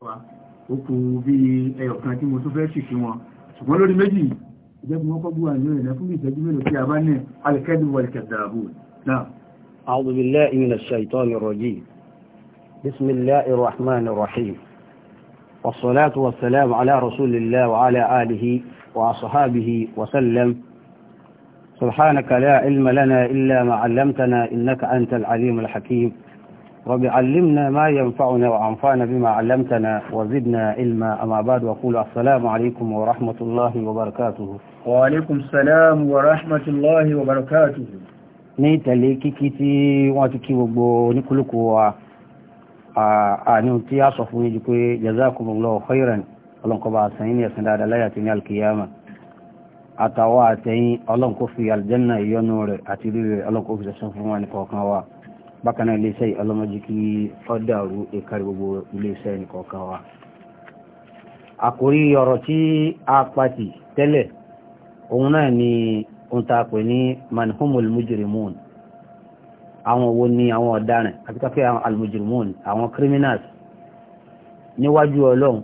wa ó kù bí ẹyọ̀kan tí mo tún fẹ́ ṣì sí wọn ṣùgbọ́n lórí méjì ìjẹ́bí wọ́n kọ́ bú àìyàn ìrìnà fún ìṣẹ́jú mélòó tí a bá ní alìkẹ́dù wàlìkẹ̀dàbù náà. أعوذ بالله من الشيطان الرجيم بسم الله الرحمن الرحيم والصلاة والسلام على رسول الله وعلى آله وأصحابه وسلم سبحانك لا علم لنا إلا ما علمتنا إنك أنت العليم الحكيم رب علمنا ما ينفعنا وأنفعنا بما علمتنا وزدنا علما أما بعد وقول السلام عليكم ورحمة الله وبركاته وعليكم السلام ورحمة الله وبركاته ní tẹ̀lé kíkí tí wọ́n ti kí gbogbo oníkúlùkù wa àní tí a sọ fún yíjú pé jazakumullahu khairan ọlọ́nkọba àtẹ̀yìn ní ẹ̀sìn dáadáa láyà tí ní alkiyama àtàwà àtẹ̀yìn ọlọ́nkọ fi aljanna ìyọnu rẹ̀ àti rírẹ̀ ọlọ́nkọ fi sẹ́sùn fún wọn ní kọ̀ọ̀kan wa bákan náà iléeṣẹ́ yìí ọlọ́mọdé kí ó dàrú ìkárí gbogbo iléeṣẹ́ nìkọ̀ọ̀kan wa. àkórí ọ̀rọ̀ tí a pàtì tẹ́lẹ̀ òun náà ni ohun tá a pè ní manhumul mujrimun àwọn wo ni àwọn ọ̀daràn àti káfíà àwọn almujrimun àwọn criminals níwájú ọlọ́run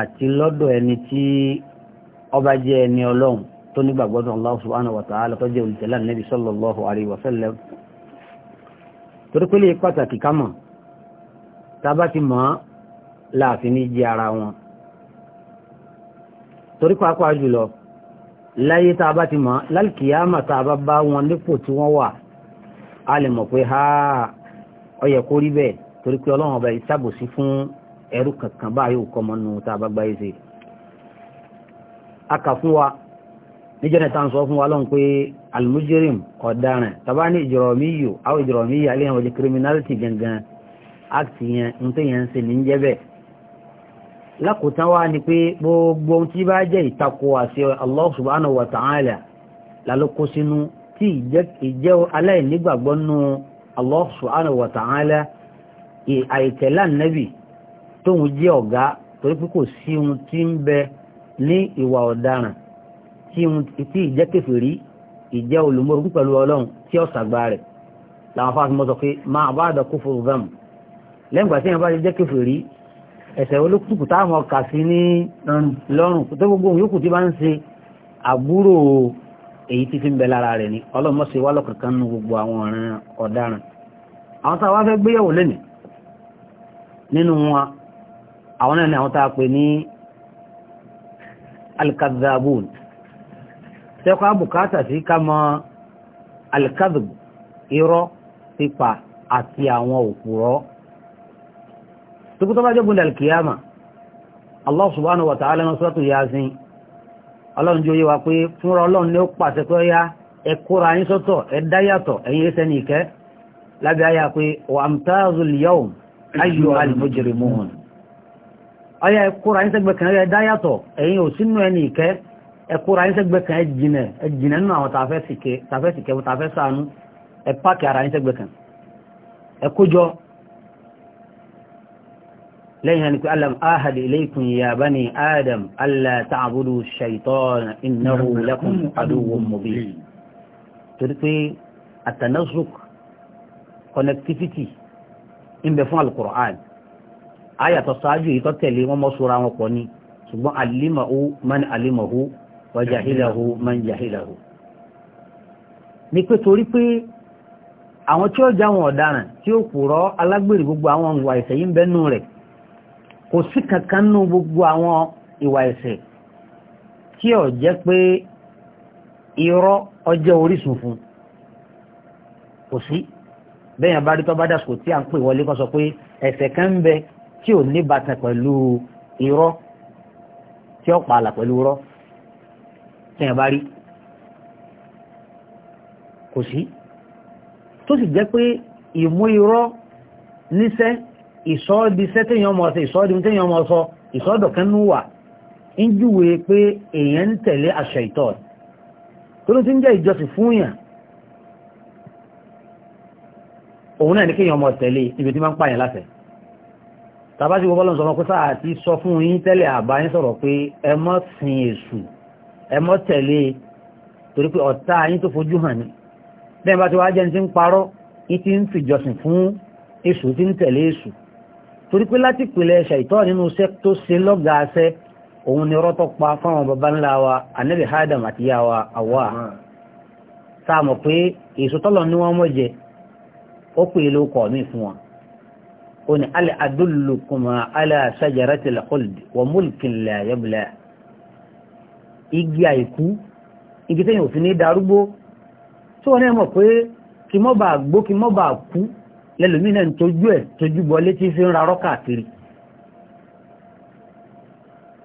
àti lọ́dọ̀ ẹni tí ọba jẹ́ ẹni ọlọ́run tó nígbàgbọ́dọ̀ Allah subhanahu wa ta'ala tó jẹ́ olùtẹ̀lá Nabi sallallahu alaihi wa torí pé lè pàtàkì ká mọ̀ tábà ti mọ̀ láàfin ní jẹ ara wọn torí pàápàá jùlọ láyé tábà ti mọ̀ lálkìyàmà tábà bá wọn nípò tí wọ́n wà a lè mọ̀ pé ha ó kó rí bẹ́ẹ̀ torí pé ọlọ́run ọba ìṣàbòsí fún ẹrú kankan báyìí ò kọ́mọ nù tábà gbáyé sí a kà fún wa níjẹ́ nìta ń sọ fún wa lọ́n pé almujirim ọ̀daràn tàbá ní ìjọrọ̀míyò àwọn ìjọrọ̀míyò aléyàn wọ́n jẹ́ criminality gangan act yẹn ń tó yẹn ń ṣe ní jẹ́bẹ̀ lákòótán wá ni pé gbogbo tí bá jẹ́ ìtakò àṣẹ Allah subhanahu wa ta'ala lálókó sínú tí ìjẹ́ aláìnígbàgbọ́ nú Allah subhanahu wa ta'ala àìtẹ̀lá nẹ́bì tóun jẹ́ ọ̀gá torí pé kò sí ohun tí ń bẹ ní ìwà ọ̀daràn tí ìjẹ́ kèfèrí ìjẹ́ olùmọ̀rún pẹ̀lú ọlọ́run tí ó sàgbà rẹ̀ làwọn fáwọn mọ́ sọ pé máa bá àdọ̀ kó fòrò gàm lẹ́gbàá tí wọ́n bá jẹ́ kèfèrí ẹ̀sẹ̀ olókùnkù táwọn kà sí ní lọ́rùn tó gbogbo òun yókù tí bá ń ṣe àbúrò èyí tí fi ń bẹ lára rẹ̀ ni ọlọ́run mọ́ sí nínú gbogbo àwọn ọ̀ràn ọ̀daràn àwọn táwa fẹ́ gbéyàwó lẹ́nìí nínú wọn àwọn náà ni àwọn táwa pè ní alkazabun tẹ́kọ̀ọ́ bùkátà sí ká mọ alikadub irọ́ pípa àti àwọn òpùrọ́ tukutọ́ bá jẹ́ gbọ́dọ̀ allah subhanahu wa ta'ala náà sọ́tù yasin ọlọ́run jẹ́ wa pé fúnra ọlọ́run ní ó pàṣẹ pé ó ẹ kóra yín sọ́tọ̀ ẹ dáyàtọ̀ ẹ̀yin ẹsẹ̀ ní ìkẹ́ lábẹ́ pé ẹ kóra ẹ̀kúra yín sẹ́gbẹ̀kan ẹ̀jìnà ẹ̀jìnà nínú àwọn tàfẹ́sìkẹ́ tàfẹ́ sànú ẹ páàkì ara yín sẹ́gbẹ̀kan ẹ̀kójọ lẹ́yìn ẹni pé alam ahadi ilaykum ya bani adam alla ta'budu shaytana innahu lakum aduwwun mubin torí pé atanasuk connectivity ń bẹ fún alukur'an ayàtọ̀ sáájú yìí tó tẹ̀lé wọn mọ́ sora wọn pọ̀ ni ṣùgbọ́n alimahu wàjàhílàhù man jàhílàhù ni pé torí pé àwọn tí ó já wọn ọ̀daràn tí ó kùrọ́ alágbèrè gbogbo àwọn ìwà ẹ̀ṣẹ̀ yìí ń bẹ́nu rẹ̀ kò sí kankan nú gbogbo àwọn ìwà ẹ̀ṣẹ̀ tí ó jẹ́ pé irọ́ ọjẹ́ orísun fún kò sí bẹ́yàn bá rí tọ́ tí à ń pè wọlé kọ́ sọ pé ẹ̀ṣẹ̀ kan ń bẹ tí ò ní bàtà pẹ̀lú irọ́ tí ó pààlà pẹ̀lú irọ́ tẹ̀yàn bá rí kò sí tó sì jẹ́ pé ìmú irọ́ níṣẹ́ ìsọ́ọ́díṣẹ́ tẹ̀yàn mọ̀ sọ ìsọ́ọ́dí tẹ̀yàn mọ̀ sọ ìsọ́ọ́dọ̀kẹ́nú wà ń júwe pé èèyàn ń tẹ̀lé àṣẹ ìtọ́ tó ló ti ń jẹ́ ìjọsìn fún yàn òun náà ní kíyàn ọmọ tẹ̀lé ibi tí máa ń pààyàn láṣẹ tàbá sí gbogbo ọlọ́run sọ pé sáà ti sọ fún yín tẹ́lẹ̀ àbáyín sọ̀rọ̀ pé ẹ mọ́ sin èṣù ẹ mọ́ tẹ̀lé e, torí pé ọ̀tá yín tó fojú hàn ní bẹ́ẹ̀ bá ti wá jẹ́ ní ti ń parọ́ ní ti ń fìjọsìn fún èṣù tí ń tẹ̀lé èṣù torí pé láti pèlẹ̀ ṣàìtọ́ nínú iṣẹ́ tó ṣe lọ́gàáṣẹ́ òun ni rọ́tọ́ pa fáwọn baba ńlá wa anẹ́bì Adam àti yá wa àwa sáàmọ̀ pé èso tọ́lọ̀ ní wọ́n mọ̀ jẹ ó pè ló kọ̀ mí fún wọn ó ní alẹ́ adúlùkùnmọ̀ alẹ́ sajaratil khuld wa mulkin la igi àìkú igi tẹ́yìn òfin ní darúgbó tí wọ́n náà mọ̀ pé kí mọ́ bá gbó kí mọ́ bá kú lẹ́lòmí náà tójú ẹ̀ tójú bọ́ létí fi ń ra rọ́ káàkiri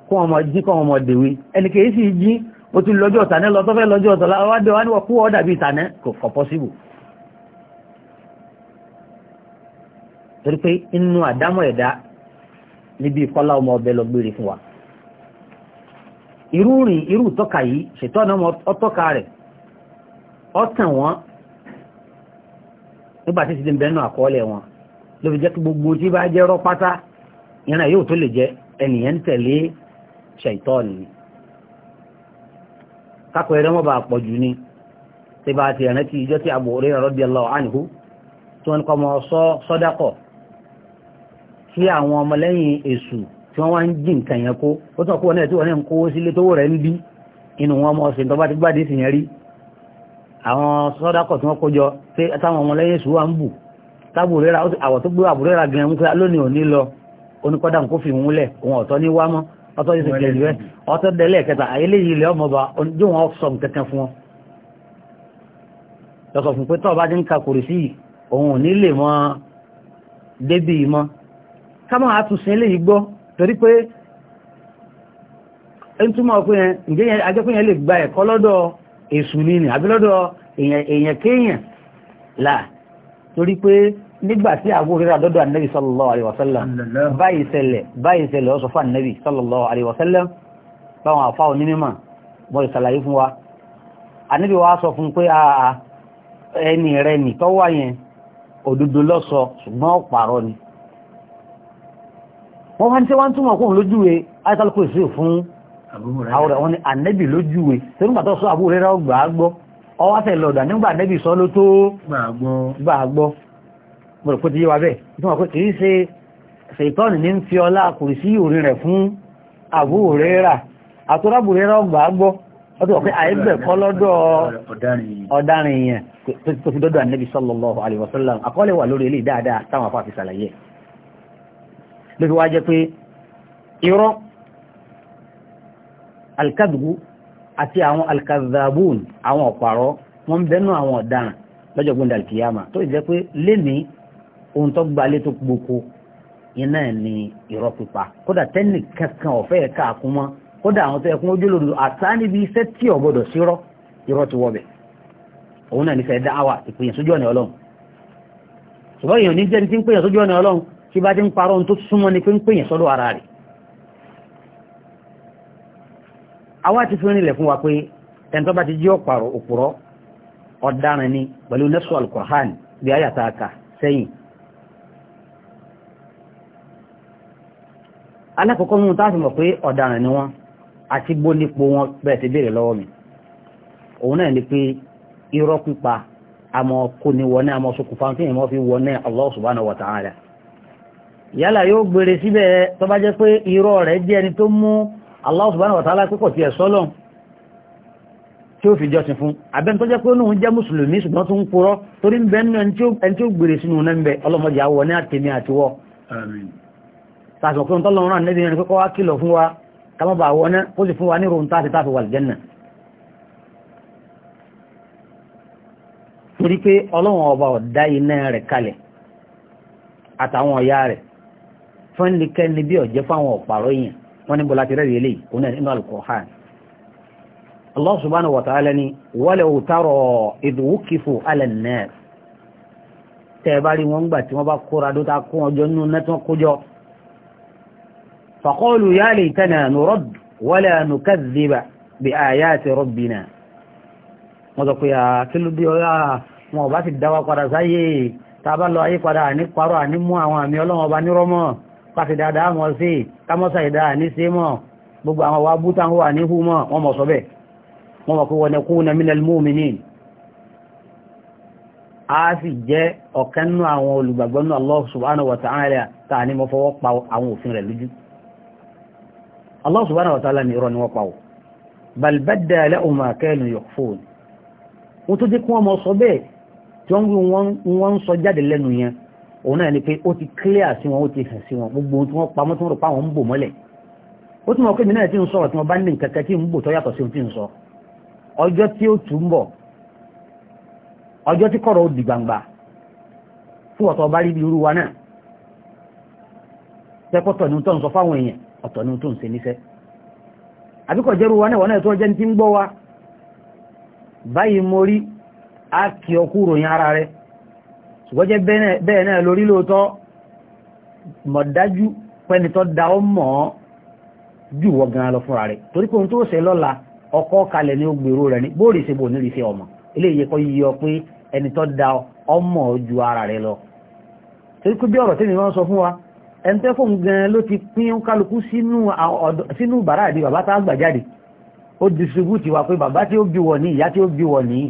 kọ́ ọmọ jí kọ́ ọmọ dèwe ẹni kìí sì jí mo ti lọ́jọ́ ọ̀tànẹ́ lọ tọ́fẹ́ lọ́jọ́ ọ̀tànẹ́ wádìí wá níwọ̀ kú ọ́ dàbí ìtànẹ́ kò pọ́síbù torí pé inú àdámọ̀ ẹ̀dá níbi ìkọ́lá ọmọ ọbẹ̀ lọ gbére fún wa irú rìn irú tọ́ka yìí ṣètọ́nà ọtọ́ka rẹ̀ ọ̀tàn wọn nígbà tí ti bẹ́ẹ̀ náà àkọọ́lẹ̀ wọn ló fi jẹ́ kí gbogbo tí bá jẹ́ rọ́pátá ìran yóò tó lè jẹ́ ẹnìyẹn tẹ̀lé ṣètọ́nì ni kákọ̀ ẹ̀rẹ́ mọ́ bá pọ̀ jù ni tí bá ti rántí ìjọ tí Abu Hurairah radiyallahu anhu tí wọ́n kọ́ mọ́ sọ́dákọ̀ sí àwọn ọmọlẹ́yìn èṣù tí wọ́n wá ń jí nǹkan yẹn kó ó tún ọkọ̀ náà tí wọ́n ní ń kó sílé tó rẹ̀ ń bí inú wọn mọ́ ọ̀sẹ̀ tó bá ti gbádìí sì yẹn rí àwọn sọ́dákọ̀ tí wọ́n kó jọ pé táwọn ọmọ lẹ́yìn sùúrù ń bù tábùrẹ́ra àwọ̀ tó gbé àbúrẹ́ra gan ń pẹ́ lónìí òní lọ oníkọ́dà kó fi múlẹ̀ òun ọ̀tọ́ ní wá mọ́ ọ̀tọ́ yìí sì kẹlẹ̀ rẹ̀ ọ̀tọ́ dẹ́lẹ̀ kẹta eléyìí ilẹ̀ ọmọba ojú wọn sọ nǹkan fún wọn lọ́sọ̀ fún pé tọ́ lè gbọ́ torí pé ń túmọ̀ pé yẹn ajẹ́ pé yẹn lè gba ẹ̀kọ́ lọ́dọ̀ èṣù ni ni àbí lọ́dọ̀ èèyàn kéèyàn là torí pé nígbà tí Abu Hurairah lọ́dọ̀ ànábì sallallahu alaihi wasallam báyìí ṣẹlẹ̀ báyìí ṣẹlẹ̀ ó sọ fún ànábì sallallahu alaihi wasallam báwọn àfa òní mímọ̀ mọ́ ìsàlàyé fún wa ànábì wa sọ fún pé ẹni rẹ nìtọ́wà yẹn òdodo wọ́n wá ní tí wọ́n túnmọ̀ kóhùn lójúwe ayatul kursi fún àwọn ọ̀rẹ́ wọn ni ànẹ́bì lójúwe tó nígbà tó sọ àbúrò rẹ̀ gbà á gbọ́ ọwọ́ àfẹ́ lọ́dà nígbà ànẹ́bì sọ ló tó gbà á gbọ́ mo rò pé ti yé wa bẹ́ẹ̀ ìtumọ̀ pé kì í ṣe ṣètọ́nì ní ń fi ọlá kùrì sí òrin rẹ̀ fún àbúrò rà àtúrábù rẹ̀ gbà á gbọ́ ó ti wọ̀ pé àyẹ́gbẹ̀ kọ́ lọ́dọ̀ ọ̀daràn yẹn tó fi dọ́dọ̀ ànẹ́bì sallallahu alaihi ló fi wá jẹ́ pé irọ́ alkadgu àti àwọn alkazabun àwọn ọ̀pàrọ̀ wọ́n ń bẹ́nu àwọn ọ̀daràn lọ́jọ́ gbọ́ndà alkiyama tó jẹ́ pé lénìí ohun tó gba lé tó gboko iná ni irọ́ pípa kódà tẹ́nì kankan ọ̀fẹ́ ẹ̀ka àkúmọ́ kódà àwọn tó ẹkún ojúlódò àtá níbi iṣẹ́ tí ò gbọ́dọ̀ sírọ́ irọ́ ti wọ́bẹ̀ òun náà nífẹ̀ẹ́ dáhàwà ìpèyàn sójú ọ̀nà ọlọ́run ṣùgbọ́n èèyàn ní jẹ́ni tí ń pèyàn tí bá ti ń parọ́ tó súnmọ́ ní pé ń pèyàn sọ́dọ̀ ara rẹ̀ àwa ti fi rinlẹ̀ fún wa pé ẹ̀ntọ́ bá ti jí ọ̀pàrọ̀ òpùrọ́ ọ̀daràn ni pẹ̀lú nẹ́sù alkọ̀hán bí ayàtà àkà sẹ́yìn alákọ̀ọ́kọ́ mú táàfin mọ̀ pé ọ̀daràn ni wọ́n àti ni pé irọ́ pípa àmọ́ kò ní wọ́n náà àmọ́ sokùnfà tí èèyàn Allah subhanahu wa ta'ala yálà yóò gbére síbẹ̀ tó bá jẹ́ pé irọ́ rẹ̀ jẹ́ ẹni tó mú Allah subhanahu wa ta'ala pípọ̀ tí ẹ̀ sọ́lọ̀ tí ó fi jọsìn fún abẹ́ni tó jẹ́ pé òun jẹ́ mùsùlùmí ṣùgbọ́n tó ń purọ́ torí ń bẹ́ nínú ẹni tí ó gbére sínú náà ń bẹ ọlọ́mọdé àwọ̀ ní àtẹ̀mí àtiwọ́ sàṣọ pé tọ́lọ́ rán níbi ìrìn kọ́kọ́ wá kìlọ̀ torí pé ọlọ́run ọba ọ̀dá iná rẹ̀ kalẹ̀ àtàwọn ọ̀yá rẹ̀ fẹ́nìkẹ́ni bí ọ̀jẹ́ fáwọn ọ̀pàrọ̀ èèyàn wọ́n ní bọ́lá ti rẹ̀ rẹ̀ lẹ́yìn òun nínú al-Qur'an Allah subhanahu wa ta'ala ni walaw tara idh wuqifu 'ala an-nar tẹ́ bá rí wọn gbà tí wọ́n bá kóra dó ta kó wọn nínú nẹ́tọ́ kójọ faqalu ya laytana nuradd wala nukadhdhiba bi ayati rabbina wọ́n ti dáwà padà sáyé tá a bá lọ ayé àní parọ́ àní mú àwọn àmì ọlọ́wọ́n ọba nírọ́mọ́ pàṣẹ dáadáa mọ̀ sí kámọ́sà ìdá ní sí mọ̀ gbogbo àwọn wa bú táwọn wà ní hú mọ̀ wọ́n mọ̀ sọ bẹ́ẹ̀ wọ́n mọ̀ pé wọ́n ní kúnnà minal mu'minin wọ́n tó jẹ́ kí wọ́n sọ bẹ́ẹ̀ tí wọ́n ń sọ jáde lẹ́nu yẹn òun náà ni pé ó ti clear sí wọn ó ti hàn sí wọn gbogbo tí wọ́n pamọ́ tí wọ́n rò pa àwọn ń bò mọ́lẹ̀ ó pé mi náà ti ń sọ̀rọ̀ tí wọ́n bá ní nǹkan tí ń bò tó yàtọ̀ sí ohun tí ń sọ ọjọ́ tí ó bọ̀ ọjọ́ tí kọ̀rọ̀ ó di gbangba fún ọ̀tọ̀ ọba rí bí irú wa náà tẹ́kọ̀ tọ̀ ní tó ń sọ fáwọn èèyàn ọ̀tọ̀ ní tó ń níṣẹ́ àbíkọ̀ jẹ́rú wa náà wọ́n náà tó jẹ́ ní ti ara rẹ̀ ṣùgbọ́n jẹ́ bẹ́ẹ̀ náà lórí lóòótọ́ mọ̀dájú pẹ́nitọ́ da ó mọ̀ ọ́ jù wọ gan lọ fúnra rẹ̀ torí pé ohun tó ṣe lọ́la ọkọ̀ kalẹ̀ ní ogbèrò rẹ̀ ní bóòrè ṣe bò ní rí ṣe ọmọ eléyìí kọ́ yí ọ pé ẹni tó da ọmọ ju ara rẹ̀ lọ torí pé bí ọ̀rọ̀ tí mi máa sọ fún wa ẹni tẹ́ fóun gan ló ti pín kálukú sínú bàrá àbí bàbá tá a gbà jáde ó distribute wa pé bàbá tí ó bí wọ̀ ní ìyá tí ó bí wọ̀ nìyí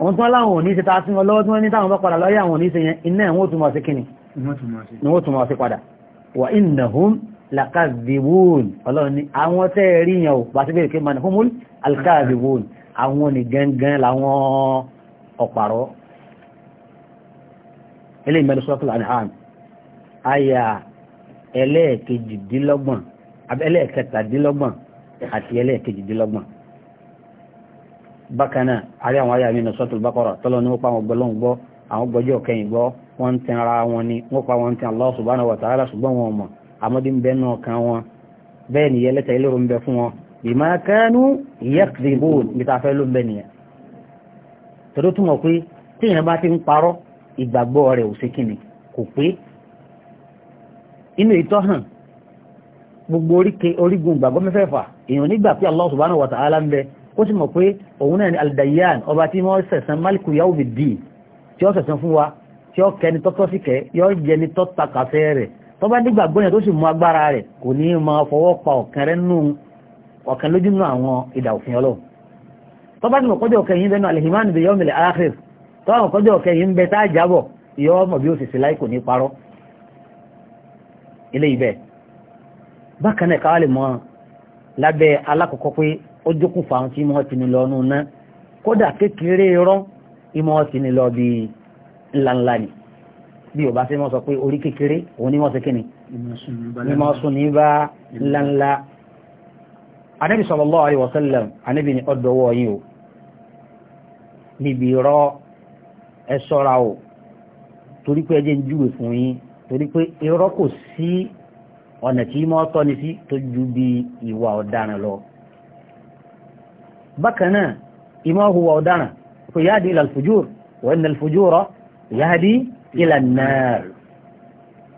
òun tán láwọn òní ṣe ta sí wọn lọ́wọ́ tí wọ́n ní táwọn bá padà lọ́yẹ́ àwọn òní ṣe yẹn iná ẹ̀wọ́n tún mọ̀ sí kíni ni wọ́n tún mọ̀ sí padà wà innahum lakazibun ọlọ́run ni àwọn tẹ́ rí yẹn ò bá sí bẹ́ẹ̀ kí man humul alkazibun àwọn ni gangan làwọn ọ̀pàrọ̀ ilé ìmẹ́lẹ̀ sọ́kùl anham aya ẹlẹ́ẹ̀kejìdínlọ́gbọ̀n ẹlẹ́ẹ̀kejìdínlọ́gbọ̀n bákanáà àrí àwọn ayà nínú sọ́tù bákọ́rà tọ́lọ ní wọ́n pa àwọn gbọ́lọ́n gbọ́ àwọn gbọ́jọ́ kẹyìn gbọ́ wọ́n ń tẹnra wọn ni wọ́n pa wọn tẹn Allah subhanahu wa ta'ala ṣùgbọ́n wọn mọ̀ àmọ́dé ń bẹ náà kan wọn bẹ́ẹ̀ ni yẹlẹ́ta ilérò ń bẹ fún wọn bima kanu yakdhibun bí fẹ́ ló ń bẹ kó sì mọ̀ pé òun náà ni aldayan ọba tí wọ́n sẹ̀sán maliku yaobi di tí ó sẹ̀sán fún wa tí ó kẹni tọ́tọ́ sí kẹ yọ jẹni tọ́ takasẹ́ rẹ̀ tó bá nígbàgbọ́ yẹn tó sì mú agbára rẹ̀ kò ní máa fọwọ́ pa ọ̀kan rẹ̀ nù ọ̀kan lójú nù àwọn ìdà òfin ọlọ́run tó bá nímọ̀ kọjọ́ ọ̀kẹ́ yìí ń bẹ nù alihimani bẹ yọ́mìlì aláfẹ́ tó àwọn kọjọ́ ọ̀kẹ́ yìí ń bẹ tá lábẹ́ alákọ̀ọ́kọ́ pé ó jókòó fáwọn tí wọ́n ti ní lọ nù ná kódà kékeré rán ìmọ̀ ti ní lọ bí ńláńlá ni bí o bá ṣe mọ́ sọ pé orí kékeré òun ni wọ́n ṣe kíni ìmọ̀ sùn ní bá ńláńlá anábì sallallahu alaihi wasallam anábì ní ọdọ̀wọ́ yìí o níbi rọ ẹ ṣọ́ra o torí pé ẹjẹ́ ń júwe fún yín torí pé irọ́ kò sí ọ̀nà tí mọ́ tọ́ni sí tó ju bí ìwà ọ̀daràn lọ bákanáà ìmọ̀ hùwà ọ̀daràn kò yáàdì ilà alfujúr wà ní alfujúrọ yáàdì ilà náà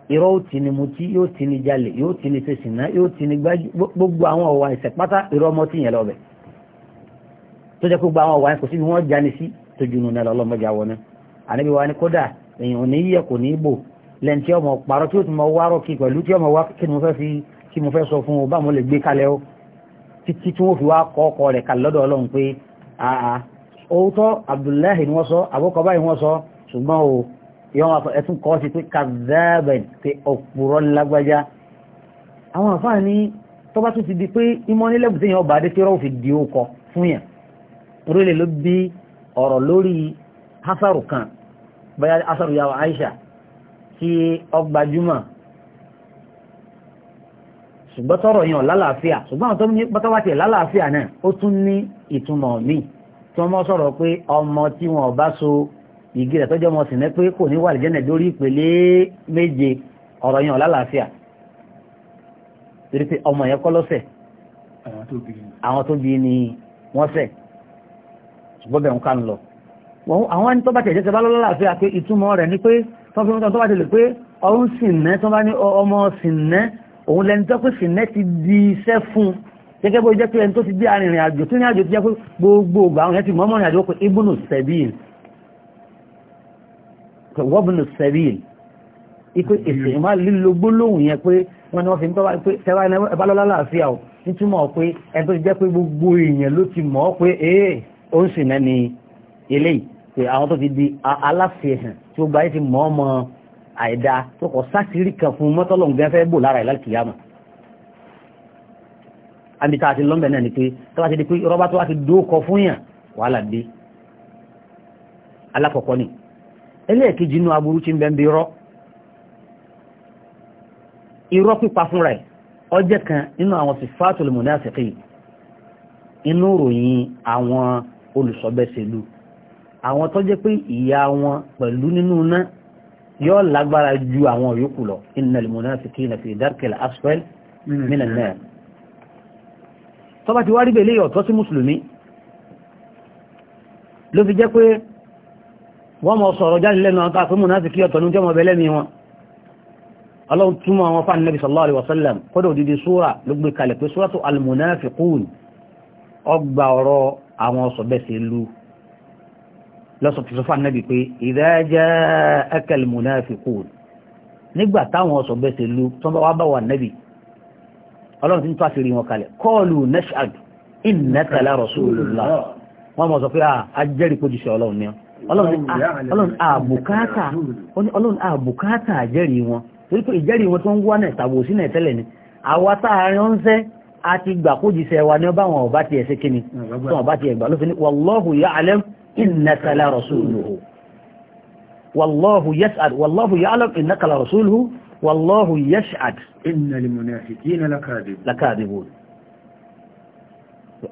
irọ́ ó ti ni mutí yóò ti ni jalè yóò ti ni sèṣìnà yóò ti ni gbogbo àwọn ọ̀wà ìṣẹ̀pátá irọ́ ọmọ tí yẹn lọ bẹ̀ tó jẹ́ gbogbo àwọn ọ̀wà kò sí bí wọ́n jani sí tó junú náà lọ́lọ́mọdé àwọn náà àníbi wa ni kódà èèyàn ní yíyẹ kò ní bò lẹ́yìn tí ọmọ parọ́ tí ó ti mọ wárọ̀ kí pẹ̀lú tí ọmọ wá kí mo fẹ́ sọ fún o bá lè gbé kalẹ̀ o títí tí wọ́n fi wá kọ́ ọkọ rẹ̀ kalẹ̀ lọ́dọ̀ ọlọ́run pé àà òótọ́ abdullahi ni wọ́n sọ àbúkọ báyìí wọ́n sọ ṣùgbọ́n o yọ́n wà ẹ̀tún kọ́ sí pé kazaben pé ọ̀pùrọ̀ lágbájá àwọn àfáà ní tó bá tún ti di pé ìmọ̀ nílẹ̀bù yẹn ọba adé fi di okọ fún yẹn orílẹ̀ ló bí ọ̀rọ̀ lórí hasaru kan báyá hasaru yàwó aisha tí ọgbàjúmọ̀ ṣùgbọ́n tọrọ yẹn lálàáfíà ṣùgbọ́n àwọn tó ní pátáwátì lálàáfíà náà ó tún ní ìtumọ̀ míì tí wọ́n mọ́ sọ̀rọ̀ pé ọmọ tí wọn bá so igi rẹ̀ tọ́jọ́ ọmọ sì ní pé kò ní wà lìjẹ́nà lórí ìpele méje ọ̀rọ̀ yẹn lálàáfíà torí pé ọmọ yẹn kọ́ lọ́sẹ̀ àwọn tó bí ni wọ́n sẹ̀ ṣùgbọ́n bẹ̀rù ká ń lọ àwọn ẹni tó bá tẹ̀jẹ́ tẹ́bá ni pé tọ́fíwọ́n bá tẹ̀lé òun lẹni tó pé fìnẹ́ ti di iṣẹ́ fún gẹ́gẹ́ bó jẹ́ pé ẹni tó ti gbé arìnrìn àjò tí ní àjò ti jẹ́ pé gbogbo ògbà àwọn ẹ̀tì mọ́mọ́rin àjò pé ibùnù sẹ́bíl wọ́bùnù sẹ́bíl ipé èsè ìmá lílo gbólóhùn yẹn pé wọ́n ni wọ́n fi ń tọ́wá pé tẹ́wá ẹbá lọ́lá láàfíà ò nítumọ̀ pé ẹni tó ti jẹ́ pé gbogbo èèyàn ló ti mọ̀ pé ee ó ń sìn náà eléyìí pé àwọn tó ti di aláfihàn tí ó gba ti mọ̀ ọmọ àìdá tó kọ̀ sásìrí kan fún mọ́tọ́lọ̀ gan fẹ́ bò lára ìlàkìyàmà àmì tá a ti lọ́mbẹ̀ náà ni pé tó bá ti di pé rọ́bà tó bá ti dókọ fún yàn wàhálà dé alákọ̀ọ́kọ́ ni ẹlẹ́ẹ̀kejì inú aburú ti ń bẹ́ ń bi rọ́ irọ́ pípa fúnra ẹ̀ ọjẹ́ kan nínú àwọn sifatul munafiqi inú ìròyìn àwọn olùsọ̀bẹ̀sẹ̀lú àwọn tó pé ìyá wọn pẹ̀lú nínú náà yóò lágbára ju àwọn yòókù lọ innal munafiqina fi darkil asfal minan nar tọ́ba ti wá rí bẹ̀lẹ́ ọ̀tọ́ sí mùsùlùmí ló fi jẹ́ pé wọ́n mọ̀ sọ̀rọ̀ jáde lẹ́nu àwọn tààfin munafiki ọ̀tọ̀ ní jẹ́mọ̀ bẹ̀lẹ́mi wọn Allah túnmọ̀ àwọn fáàni nabi sallallahu alaihi wasallam kọ́dọ̀ òdìdí súra ló gbé kalẹ̀ pé súratu al-munafiqun ọgbà ọ̀rọ̀ àwọn sọ̀bẹ̀sẹ̀ lu lọ́sọ̀tún fún anábì pé ìdájá akẹ́lùmùnà fi kú nígbà táwọn ọ̀sọ̀ bẹ́ẹ̀ ṣe lu tó bá wá bá wà nábì ọlọ́run ti ń tó àṣírí wọn kalẹ̀ kọ́ọ̀lù nashad innaka la rasulullah wọ́n mọ̀ sọ pé ajẹ́rìí kó jùṣẹ́ ọlọ́run ni ọlọ́run àbùkátà ọlọ́run àbùkátà àjẹ́rìí wọn torí pé ìjẹ́rìí wọn tó ń wá náà tàbí òsínà tẹ́lẹ̀ ni àwa táàrin ọ̀nṣẹ́ àti gbàkójìṣẹ́ wa ni ọba wọn ọba tiẹ̀ ṣe kíni wọn ọba tiẹ̀ gbà إنك لرسوله والله يسأل والله يعلم إنك لرسوله والله يشهد إن المنافقين لكاذبون لكاذبون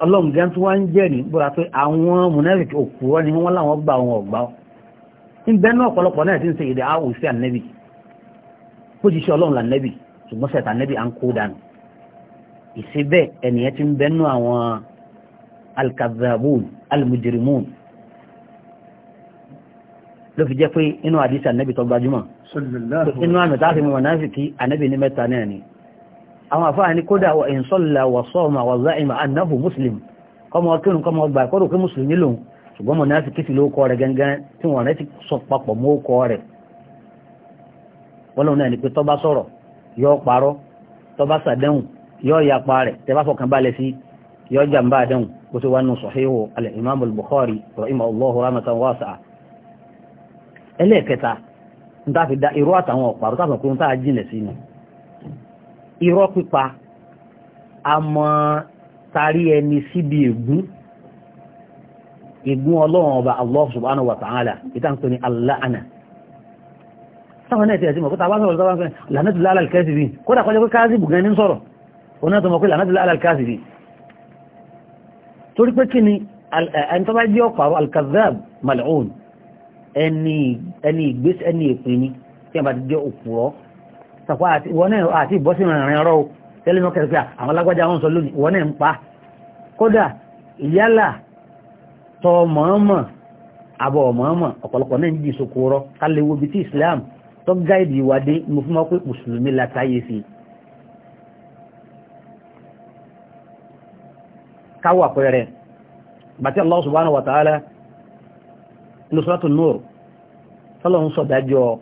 ọlọ́run jẹ́ tí wọ́n ń jẹ́ ní bọ́ra pé àwọn munafik òkúrọ́ ni wọ́n láwọn gba àwọn ọ̀gbá ìbẹ́ náà ọ̀pọ̀lọpọ̀ náà ti ń ṣe èdè àwò sí ànẹ́bì kó jíṣẹ́ ọlọ́run lànẹ́bì ṣùgbọ́n sẹ̀tà ànẹ́bì à ń kó dànù ìṣe bẹ́ẹ̀ ẹnìyẹn ti ń bẹ́nu àwọn alkazabun almujrimun ló fi jẹ́ pé inú àdísì ànábì tó gbajúmọ̀ inú àmì tàbí mọ̀ náà fi kí ànábì ní mẹ́ta náà ni àwọn àfáà ní kódà wà in salla wà sọ́ọ̀mà wà záìmà annahu muslim kọmọ kírùn kọmọ gbà kọ́rù kí muslim nílò ṣùgbọ́n mọ̀ náà fi kí sí ló kọ́ rẹ̀ gangan tí wọ́n rẹ̀ ti sọ papọ̀ mọ́ kọ́ rẹ̀ wọ́n náà ni pé tọ́ bá sọ̀rọ̀ yọ parọ́ tọ́ bá sahihu al-imam al-bukhari rahimahullahu rahmatan ẹlẹ́ẹ̀kẹta ń tá fi da irọ́ àtàwọn ọ̀pàrọ̀ táwọn ọkùnrin tá a jìnlẹ̀ sí ni irọ́ pípa a mọ tarí ẹni síbi ègún ègún ọlọ́run ọba Allah subhanahu wa ta'ala ìtànkù ni aláàna sáwọn náà ti mọ̀ pé lànàtì ẹni ìgbésí ẹni ìpín ni tí a bá ti jẹ́ òpùrọ́ sàpá ìwọ náà àti ìbọ́sí ìrìnrìn ọ̀rọ̀ tẹ́lẹ̀ náà kẹsìkà àwọn alágbájá wọn sọ lónìí ìwọ náà ń pa kódà ìyálà tọ mọ̀ọ́mọ̀ àbọ̀ mọ̀ọ́mọ̀ ọ̀pọ̀lọpọ̀ náà ń jí ìsokò rọ kálẹ̀wò bí tí Islam tó gáìdì ìwádé mo fún wọn pé mùsùlùmí látàyè sí káwọ àpẹẹrẹ bàtí Allah subhanahu wa ta'ala nusratu nur tọ́lọ́hún sọ̀dájọ́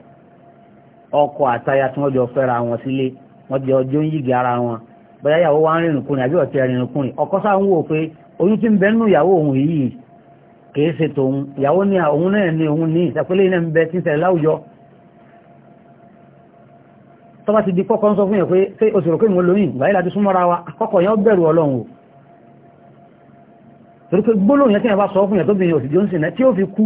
ọkọ àtaya tí wọ́n jọ fẹ́ra wọn sílé wọ́n jẹ́ ọjọ́ ń yígi ara wọn bóyá ìyàwó wa ń rìnrìn kùnrin àbí ọ̀tí ẹ̀rìnrìn kùnrin ọkọ sáà ń wò pé oyún ti ń bẹ nínú ìyàwó òun yìí kìí ṣe tòun ìyàwó ní òun náà ní òun ní ìṣàpélé iná ń bẹ tí ń ṣẹlẹ̀ láwùjọ tó bá ti di kọ́kọ́ ń sọ fún yẹn pé ṣé oṣù rò pé mo lóyún láti súnmọ́ra wa akọ́kọ̀ yẹn ó bẹ̀rù ọlọ́run o torí pé gbólóhùn yẹn tí yẹn bá sọ fún yẹn tóbi yẹn òsì jónsìn náà tí ó fi kú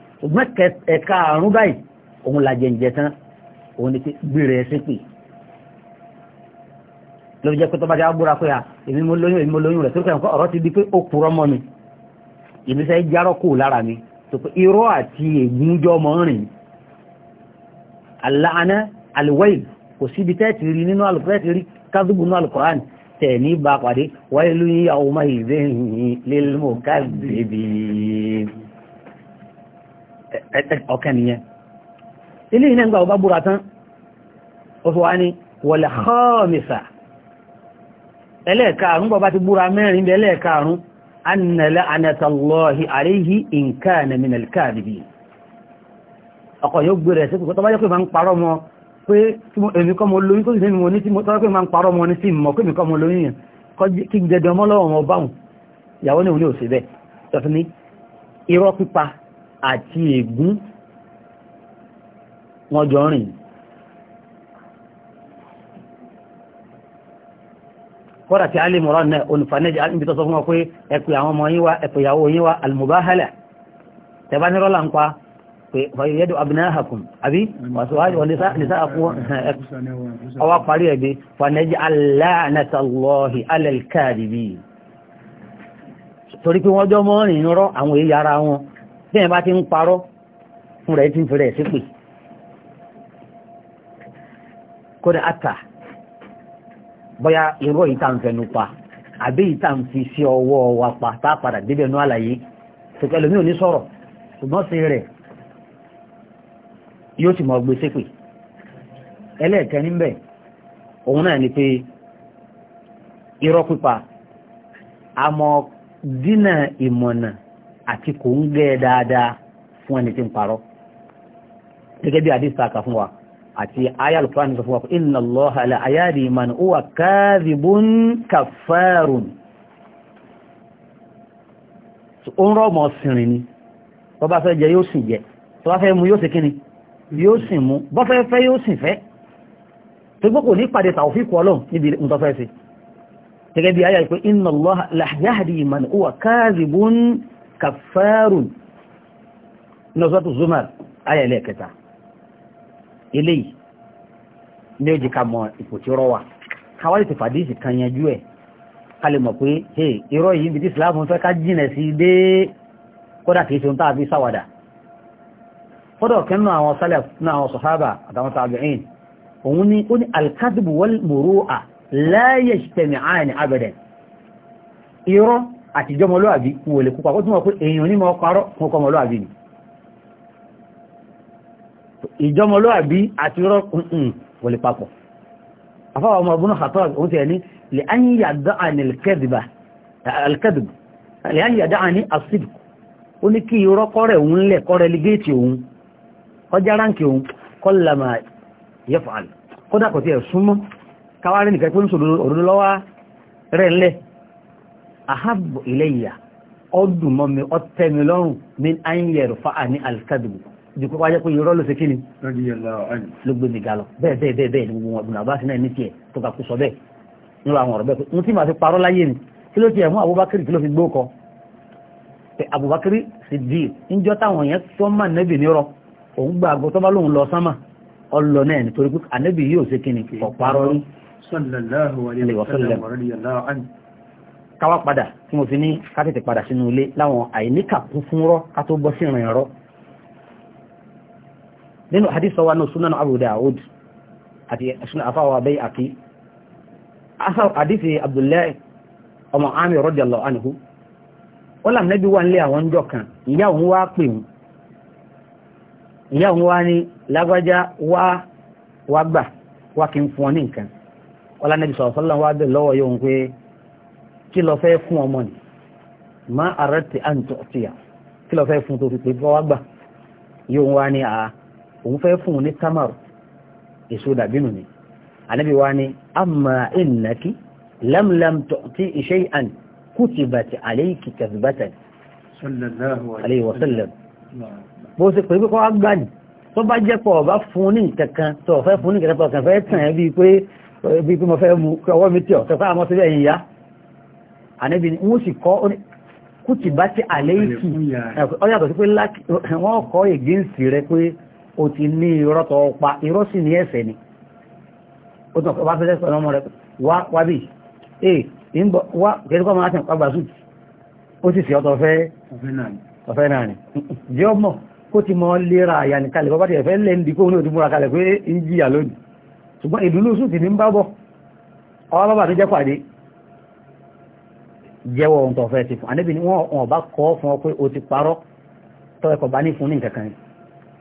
ṣùgbọ́n ẹ̀ka àrùn báyìí òun la jẹ̀ǹjẹ̀ tán òun ni pé gbèrè ẹ̀sìn pè ló fi jẹ́ pé tó bá jẹ́ agbóra pé à èmi mo lóyún èmi mo lóyún rẹ̀ tó kẹ́ ọ̀rọ̀ ti di pé ó purọ́ mọ́ mi èmi sẹ́ járọ́ kù lára mi tó pé irọ́ àti ègúnjọ́ mọ́ rìn aláàánà alwail kò síbi tẹ́ẹ̀tì rí nínú alùpùpù rí kádùbù nínú alùkùrán tẹ̀ ní bá pàdé wáyé lóyún yàwó máa ìdẹ́yìn ọ̀kan nìyẹn ilé iná gbà ọba búra tán ó fi wá ní wọlé khamisa ẹlẹ́ẹ̀kaàrún bọ́bá ti búra mẹ́rin bẹ́ ẹlẹ́ẹ̀kaàrún annala anatallahi alayhi in kana min al-kadhibin ọkọ̀ yóò gbèrè sí pẹ̀lú tọ́bájọ́ pé ma ń parọ́ mọ́ pé èmi kọ́ mọ́ lóyún tó sì ní mo ní sí tọ́bájọ́ pé ma ń parọ́ mọ́ ní sí mọ́ pé mi kọ́ mọ́ lóyún yẹn kí jẹjọ mọ́ lọ́wọ́ mọ́ báhùn ìyàwó ní òun ní òsè bẹ́ẹ̀ tọ́fí ní irọ́ pípa àti ègún wọ́n jọ rìn kọ́dà tí alì mọ̀rán náà onífànẹ́jì alìbí tó sọ fún wọn pé ẹ̀pẹ̀ àwọn ọmọ yín wá ẹ̀pẹ̀ ìyàwó yín wá almubahala tẹ̀bá ní rọ́lá ń pa pé fàyẹ̀yẹ́dù abnáhàkùn àbí wàsíwájú nisáàkùn ọwá parí ẹ̀gbé fànẹ́jì aláàánátàlọ́hì alẹ́lkàdìbì torí bí ẹ̀ bá ti ń parọ́ fún rẹ̀ tí ń fẹ́rẹ̀ sípè kódà àtà bóyá irọ́ yìí tá ń fẹnu pa àbí yìí tá ń fi sí ọwọ́ wa pa tá a padà débẹ̀ nú àlàyé tòkẹ́ lómi ò ní sọ̀rọ̀ ṣùgbọ́n sí rẹ̀ yóò ti mọ̀ gbé sípè ẹlẹ́ẹ̀kẹ́ níbẹ̀ òun dínà ìmọ̀nà àti kò ń gẹ́ dáadáa fún ẹni tí ń parọ́ gẹ́gẹ́ bí àdìs ta kà fún wa àti ayal Qur'an sọ fún wa inna Allaha la yahdi man huwa kadhibun kaffarun ó ń rọ́mọ sìnrìn ni tó bá fẹ́ jẹ yóò sì jẹ tó bá fẹ́ mu yóò sì kíni yóò sì mu bó fẹ́ fẹ́ yóò sì fẹ́ tó kò ní pàdé tàwọ́fíkù ọlọ́run níbi ìtọ́fẹ́ sí gẹ́gẹ́ bí ayal pé inna Allaha la yahdi man huwa kadhibun kàfẹ́rùn nọ́sọ́tù zumar ayẹ̀lẹ́ kẹta eléyìí ní ó jẹ́ ká mọ ipò tí rọ́wà káwàlì ti fàdísì kan yanjú ẹ̀ ká lè mọ̀ pé hey irọ́ yìí bìtí islam fẹ́ ká jìnà sí dé kódà kìí ṣe ń tàbí sáwàdà kódà ọ̀kẹ́ nínú àwọn salaf nínú àwọn sọ̀hábà àtàwọn tàbí'in òun ni ó ní alkadibu wal muru'a la yajtami'ani abadan irọ́ àtijọ́ ọmọlúwàbí wọn ò lè kópa kó túnmọ̀ pé èèyàn ní mọ́ parọ́ fún ọkọ̀ ọmọlúwàbí ni ìjọ ọmọlúwàbí àti rọ́ kò lè papọ̀ afáwà ọmọ ọgbọ́n àtọ́ òun ti ẹni lè á ń yàdá àní alkẹ́dùb lè á ń yàdá àní asib ó ní kí irọ́ kọ́rẹ̀ òun lẹ̀ kọ́rẹ̀ ligéètì òun kọjá ránkì súnmọ́ káwárí nìkan pé ń sọ òdodo lọ́wọ́ rẹ̀ ahabu iléyà ọdún mọ́ mi ọtẹ́mi lọ́rùn ní ayẹ̀rù fáà ní alkadibu jùkú wájẹ́ pé irọ́ ló ṣe kí ni ló gbé mi ga lọ bẹ́ẹ̀ bẹ́ẹ̀ bẹ́ẹ̀ bẹ́ẹ̀ ni gbogbo wọn àbúrò àbáṣe náà ní tiẹ̀ tó ka kú sọ bẹ́ẹ̀ nínú àwọn ọ̀rọ̀ bẹ́ẹ̀ pé mo ti máa fi parọ́ láyé ni kí ló tiẹ̀ fún Abubakar kí ló fi gbó kọ pé ànẹ́bì yóò ṣe kí ni ọ̀parọ́ rí sallallahu alaihi wasallam káwá padà tí mo fi ní ká tètè padà sínú ilé láwọn àìníkàkún fún rọ́ ká tó bọ́ sí ìrìn rọ́ nínú hadisọ wa náà sunan abu da'ud àti sunan afáwa bai àti asar hadisi abdullahi ọmọ ami radiyallahu anhu wọ́n làm nẹ́bí wà nílé àwọn jọ kan ìyá òun wá pè mú ìyá òun wá ní lágbájá wá wá gbà wá kí n fún ọ ní nǹkan wọ́n lá nẹ́bí sallallahu alaihi wá bẹ̀ lọ́wọ́ yóò ń pé kí lọ fẹ́ fún ọmọ ni má àrẹ́tì àǹtọ̀ ti yà kí lọ fẹ́ fún tó fi pé bọ́ wá gbà yóò wá ní àá òun fẹ́ fún un ní tamar èso dàbínú ni ànábi wá ní àmà ìnàkí lámlám tọ̀ tí iṣẹ́ àn kútìbàtì àléèkì kàzìbàtà alayhi wa sallam bó ṣe pé kọ́ gbà ní tó bá jẹ́ pọ̀ ọba fún ní nǹkan tó fẹ́ fún ní nǹkan fẹ́ tàn ẹ́ bíi pé bíi pé mo fẹ́ mú ọwọ́ mi tí ọ̀ tẹ̀fẹ́ àmọ́ síbẹ̀ yìí yá ànẹ́bí ni wọ́n sì kọ́ kùtì bá ti àléìkì ọyàtọ̀ sí pé wọ́n kọ́ ègéǹsì rẹ pé o ti ní irọ́ tọ́ pa irọ́ sì ní ẹ̀ṣẹ̀ ni tàn kọ́ bá fẹ́ ọmọ rẹ wá ìbọ̀ wá kẹ́lú kọ́ máa tẹ̀ pàgbà ó ọmọ kó ti mọ lera jẹ́wọ́ ohun tó fẹ́ ti fún àníbi ni wọ́n ọ̀bá kọ́ fún ọ pé o ti parọ́ tọ́ ẹ̀kọ́ bá ní fún ní nǹkan kan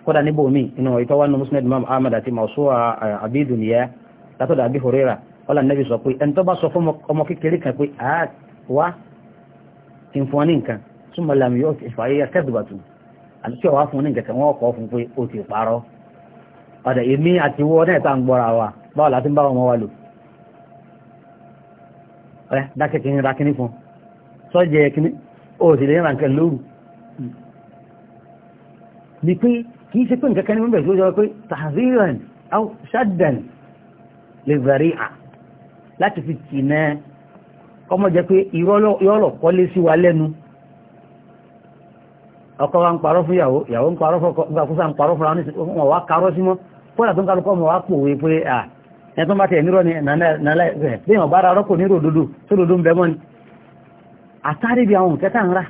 kódà níbo mi inú ìtọ́ wa nínú muslim imam ahmed àti mausu eh, abidu nìyẹ látọ̀dọ̀ abi horera ọlá nẹ́bí sọ pé ẹni tó bá sọ fún ọmọ kékeré kan pé a wá ti fún ọ ní nǹkan súnmọ́ làmì yóò ti fà yíyá kẹ́dùbàtù àti tí ọwá fún ní nǹkan wọ́n kọ́ fún pé o ti parọ́ ọ̀dà èmi àti wọ́n náà tá à ń gbọ́ra wa báwo la ti ń bá ọmọ wa lò ẹ dákẹ́kẹ́ ní rákíní fún sọ́jẹ́ ẹ̀kíní òsìlẹ̀ ìrìn àǹkẹ́ lóru ni pé kì í ṣe pé nǹkan kan ní mẹ́bẹ̀ẹ́ tó jọ pé tahziran aw shaddan lè zàrí à láti fi tìǹà ọmọ jẹ́ pé ìrọ́lọ̀ kọ́lé sí wa lẹ́nu ọkọ wa ń parọ́ fún ìyàwó ìyàwó ń parọ́ fún ọkọ nígbà kúsà ń parọ́ fún àwọn ọmọ wa karọ́ sí mọ́ kódà tó ń kálukọ́ ọmọ wa pòwe pé à ẹ̀ tó ń bá tẹ̀ nírọ̀ ni nàlẹ́ ẹ̀ bí wọn bá ra ọkọ̀ nírò òdodo tó dodo ń bẹ mọ́ ni àtàrí bí àwọn nǹkan tá ń rà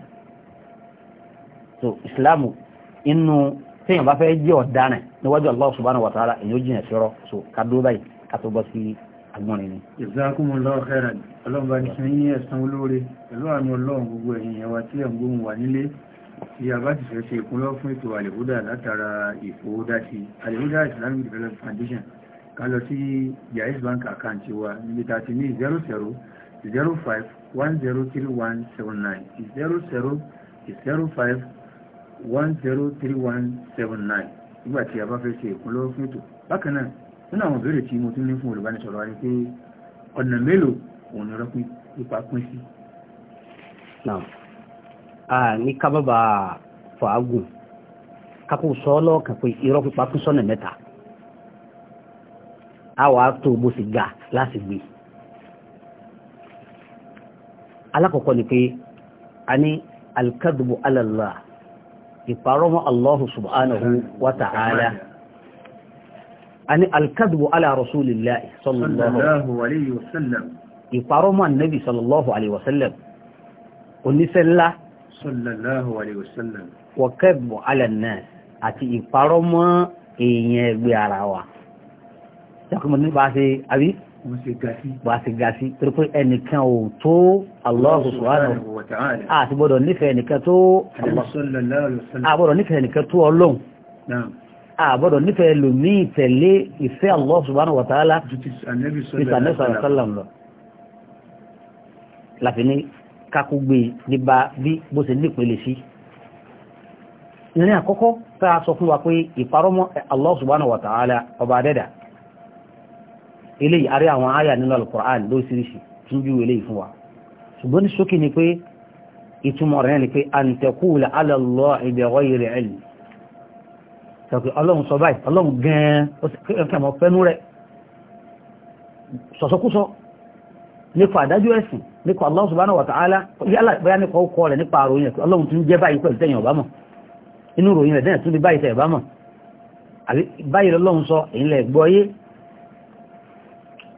so islam inú téèyàn bá fẹ́ jẹ́ ọ̀daràn níwájú allah subhanahu wa ta'ala èyí ó jìnà sí so ká dúró báyìí ká tó bọ́ sí agbọ́nrin ni. jazakumullahu khairan ọlọ́run bá ní san yín ẹ̀san olóore pẹ̀lú àánú ọlọ́run gbogbo ẹ̀yin ẹ̀wà tí ẹ̀ ń gbóhùn wà nílé tí a bá ti fẹ́ ṣe ìkúnlọ́ fún ètò àlèhúdà látara ìfowódá àlèhúdà islamic development foundation ká lọ sí jaiz bank account wa níbi tá ti ní zero zero zero five one zero three one seven nine zero zero zero five one zero three one seven nine nígbà tí a bá fẹ́ ṣe ìpínlọ́wọ́ fún ètò bákan náà nínú àwọn ìbéèrè tí mo tún ní fún olùbánisọ̀rọ̀ wa ni pé ọ̀nà mélòó òun ni rọ́pin ipa pín sí. ní kábàbà fàágùn kápò sọ lọ́ọ̀kan pé irọ́ pípa pín sọ́nà mẹ́ta a wàá tó bó ṣe ga láti gbé e alákọ̀ọ́kọ́ ni pé a ní alkadbu ala Allah ìparọ́mọ́ Allahu subhanahu wa ta'ala a ní alkadbu ala rasulillah sallallahu alayhi wa sallam ìparọ́mọ́ annabi sallallahu alayhi wa sallam oníṣẹ́ ńlá sallallahu alayhi wa sallam wa kadbu ala an-nas àti ìparọ́mọ́ èèyàn ẹgbẹ́ ara wa. Jákùnmọ̀ ní ṣe, àbí? wà sí ga sí torí pé ẹnìkan ò tó Allah subhanahu wa ta'ala àti gbọ́dọ̀ nífẹ̀ẹ́ ẹnìkan tó àbọ̀dọ̀ nífẹ̀ẹ́ ẹnìkan tó ọlọ́run àbọ̀dọ̀ nífẹ̀ẹ́ lòmí ìtẹ̀lé ìfẹ́ Allah subhanahu wa ta'ala láti ní kakúgbé nípa bí bó ṣe nípele sí ìrìn àkọ́kọ́ tá a sọ fún wa pé ìparọ́mọ́ Allah subhanahu ọba adẹ́dàá eléyìí arí àwọn àyà nínú alukur'an lóṣìṣì tí ń júwe eléyìí fún wa ṣùgbọ́n ní ṣókí ni pé ìtumọ̀ rẹ̀ ni pé an taqula ala Allahi bi ghayri ilm sọ̀kì ọlọ́run sọ báyìí ọlọ́run gan-an ó sì kẹ́kẹ́ mọ́ fẹ́nu rẹ̀ sọ̀sọ́kúsọ nípa àdájọ́ ẹ̀sìn nípa Allah subhanahu wa ta'ala yálà bóyá nípa ọkọ rẹ̀ nípa àròyìn ẹ̀kọ́ ọlọ́run tún jẹ́ báyìí pẹ̀lú tẹ̀yìn ọ̀bámọ̀ inú ròyìn rẹ̀ dẹ́yìn tún bí báyìí tẹ̀ ọ̀bámọ̀ báyìí lọ́lọ́run sọ èyí lẹ̀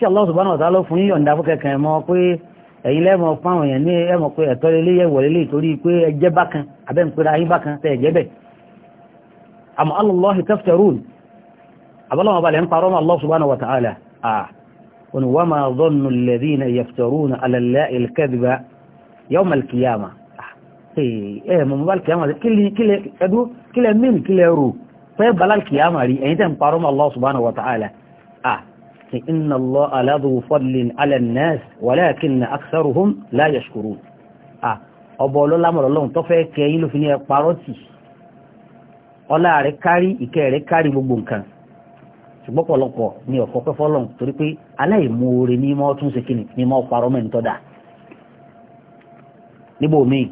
tí Allah subhanahu wa ta'ala ló fún yíyọ̀nda fún kẹkẹ mọ́ pé ẹ̀yin lẹ́mọ̀ fáwọn èèyàn ní ẹ̀mọ̀ pé ẹ̀tọ́ lélé yẹ̀ wọ̀lé lè torí pé ẹjẹ́ bákan abẹ́ ń pera ayé bákan tẹ́ ẹ̀jẹ́ bẹ̀. àmọ́ alọ́lọ́hì taftarun abọ́lọ́wọ́ balẹ̀ ń parọ́ mọ́ Allah subhanahu wa ta'ala ah wọn wà máa dọ́nu alladhina yaftaruna ala Allahi al-kadhiba yawm al-qiyamah ẹ mọ̀ mọ́ al-qiyamah kílẹ̀ ẹdú إن الله لذو فضل على الناس ولكن أكثرهم لا يشكرون ọbọ̀ ọlọ́lá mọ̀lọ́lọ́hun tó fẹ́ kẹ yín ló fi ní ẹparọ́ tì ọlá rẹ̀ kárí ìkẹ́ rẹ̀ kárí gbogbo nǹkan ṣùgbọ́n pọ̀lọpọ̀ ni ọ̀fọ́ pẹ́ fọ́lọ́hun torí pé aláìmoore ní mọ́ tún ṣe kìnnì ní mọ́ parọ́ mẹ́rin tọ́da níbo míì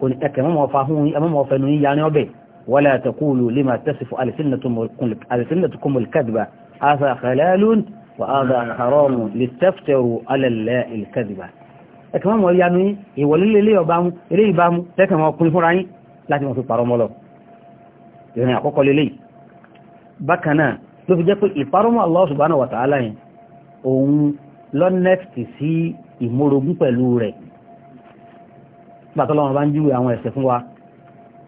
kò ní ẹkẹ mọ́mọ́ fa hún ẹmọ́mọ́ fẹnu yín yarin ọbẹ̀ wala taqulu lima tasifu alsinatukumul kadhiba hadha وهذا حرام لتفتروا على الله الكذبة ẹkàn mọ̀ ìyanu yí ìwọ̀lélélé ọba mú eré ìbámu tẹ́kàn mọ̀ ọkùnrin fúnra yín láti mọ̀ fi parọ́ mọ́ lọ ìrìn àkọ́kọ́ lélé bákan náà ló fi jẹ́ pé ìparọ́mọ́ Allah subhanahu wa ta'ala yẹn òun lọ nẹ́ẹ̀tì sí ìmúrogún pẹ̀lú rẹ̀ gbàtọ́lọ́wọ́n bá ń júwe àwọn ẹ̀ṣẹ̀ fún wa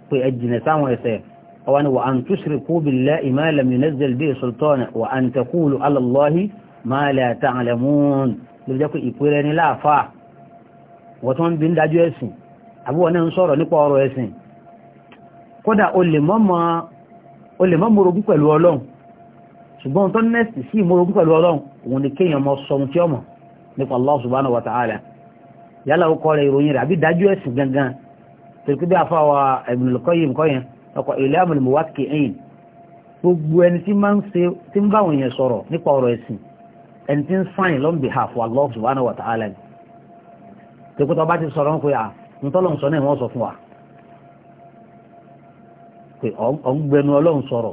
pé ẹ jìnà sáwọn ẹ̀ṣẹ̀ ọwọ́n wa an tushriku billahi ma lam yunzil bihi sultana wa an taqulu ala Allahi ma la ta'lamun ló jẹ́ pé ìpínlẹ̀ ní láàfáà wọ́n tó ń bí ń dájú ẹ̀sìn àbúwọ̀ náà ń sọ̀rọ̀ nípa ọ̀rọ̀ ẹ̀sìn kódà o lè mọ́ mọ́rogún pẹ̀lú ọlọ́run ṣùgbọ́n tó nẹ́sì sí mọ́rogún pẹ̀lú ọlọ́run òun ni kéèyàn mọ́ sọun tí ọmọ nípa Allah subhanahu wa ta'ala yálà ó kọ́ rẹ̀ ìròyìn rẹ̀ àbí dájú ẹ̀sìn gangan tó kí bí afáwa Ibn al-Qayyim yẹn ọkọ̀ ìlàmù ìmúwákì ẹ̀yìn gbogbo ẹni tí máa ń ṣe tí ń báwọn èèyàn sọ̀rọ̀ nípa ọ̀rọ̀ ẹ̀sìn ẹni tí ń sáyìn lọ́n behalf wa Allah subhanahu wa ta'ala ni tẹkọtọ bá ti sọ̀rọ̀ ń pè à ń tọ́lọ̀ ń sọ náà wọ́n sọ fún wa pé ọ̀n ọlọ́run sọ̀rọ̀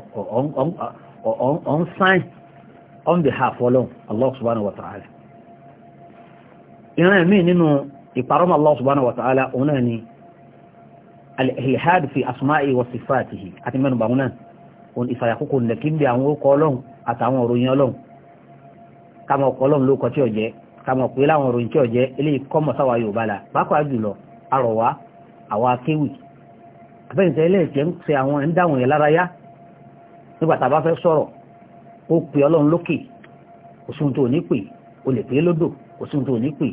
ọ̀n sáyìn on behalf ọlọ́run Allah subhanahu al-ilhad fi asma'i wa sifatihi àti mẹ́nu bàwọn náà òun ìfàyàkókò nẹ̀kí bí àwọn orúkọ ọlọ́run àtàwọn òròyìn ọlọ́run káwọn ọkọ ọlọ́run ló kọ tí ọ̀jẹ́ káwọn ọ̀pẹ́ láwọn òròyìn tí ọ̀jẹ́ eléyìí kọ́mọ̀ sáwà yorùbá la arowa awa arọ̀wá àwọn akéwì àfẹ́yìntẹ́ ẹlẹ́ẹ̀kẹ́ ń ṣe àwọn ń dáwọn yẹn nígbà tá a bá fẹ́ sọ̀rọ̀ ó pe ọlọ́run lókè òṣùn tó ní pè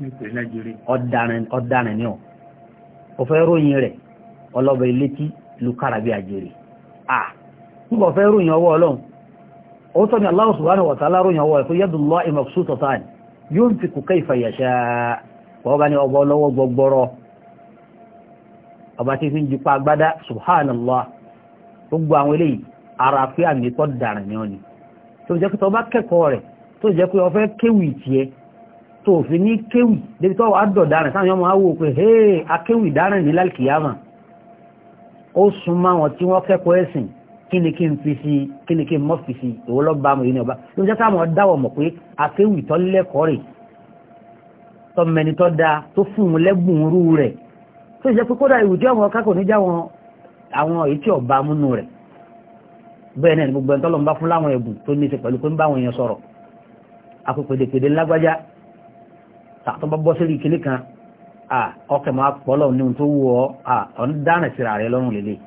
ọ̀daràn ni ọ̀ ọ̀fẹ́ ròyìn rẹ̀ ọlọ́bẹ̀ ilé tí lukara bí àjèrè à nígbà ọ̀fẹ́ ròyìn ọwọ́ ọlọ́run ó tọ́ni Allah subhanahu wa ta'ala ròyìn ọwọ́ ẹ̀kọ́ yadullahi mabsutatan yunfiqu kayfa yasha wọ́n bá ní ọgbọ́ lọ́wọ́ gbọgbọ́rọ́ ọba tí fi ń jipa agbádá subhanallah gbogbo àwọn eléyìí ara pé àmì tọ́ tó jẹ́ pé tọ́ kẹ́kọ̀ọ́ rẹ̀ tó jẹ́ pé ọfẹ́ kéwì tiẹ̀ tó fi ní kéwì débi tó wà dọ̀ dáràn sáwọn ọmọ awò pé hey akéwì dáràn ní lálkìyàmà ó súnmọ́ wọn tí wọ́n kẹ́kọ̀ọ́ ẹ̀sìn kí ni kí ni kí n mọ́ fi sí ìwọ lọ́ba mọ̀ yìí ní ọba ló jẹ́ káwọn dáwọ̀ mọ̀ da tó fún un lẹ́bùn rú rẹ̀ tó ṣe pé kódà ìwù tí ọmọ kákò níjà wọn àwọn èyí tí ọba múnú gbogbo ẹni fún láwọn ẹ̀bùn tó ní í pẹ̀lú pé ń bá èèyàn sọ̀rọ̀ akópèdèpèdè lágbájá tàbí bọ́ sí ìkìlì kan ọkẹ̀ máa pọ̀lọ̀ ní ohun tó wù ọ́ ọ̀n dáná síra rẹ̀ lọ́rùn lélẹ̀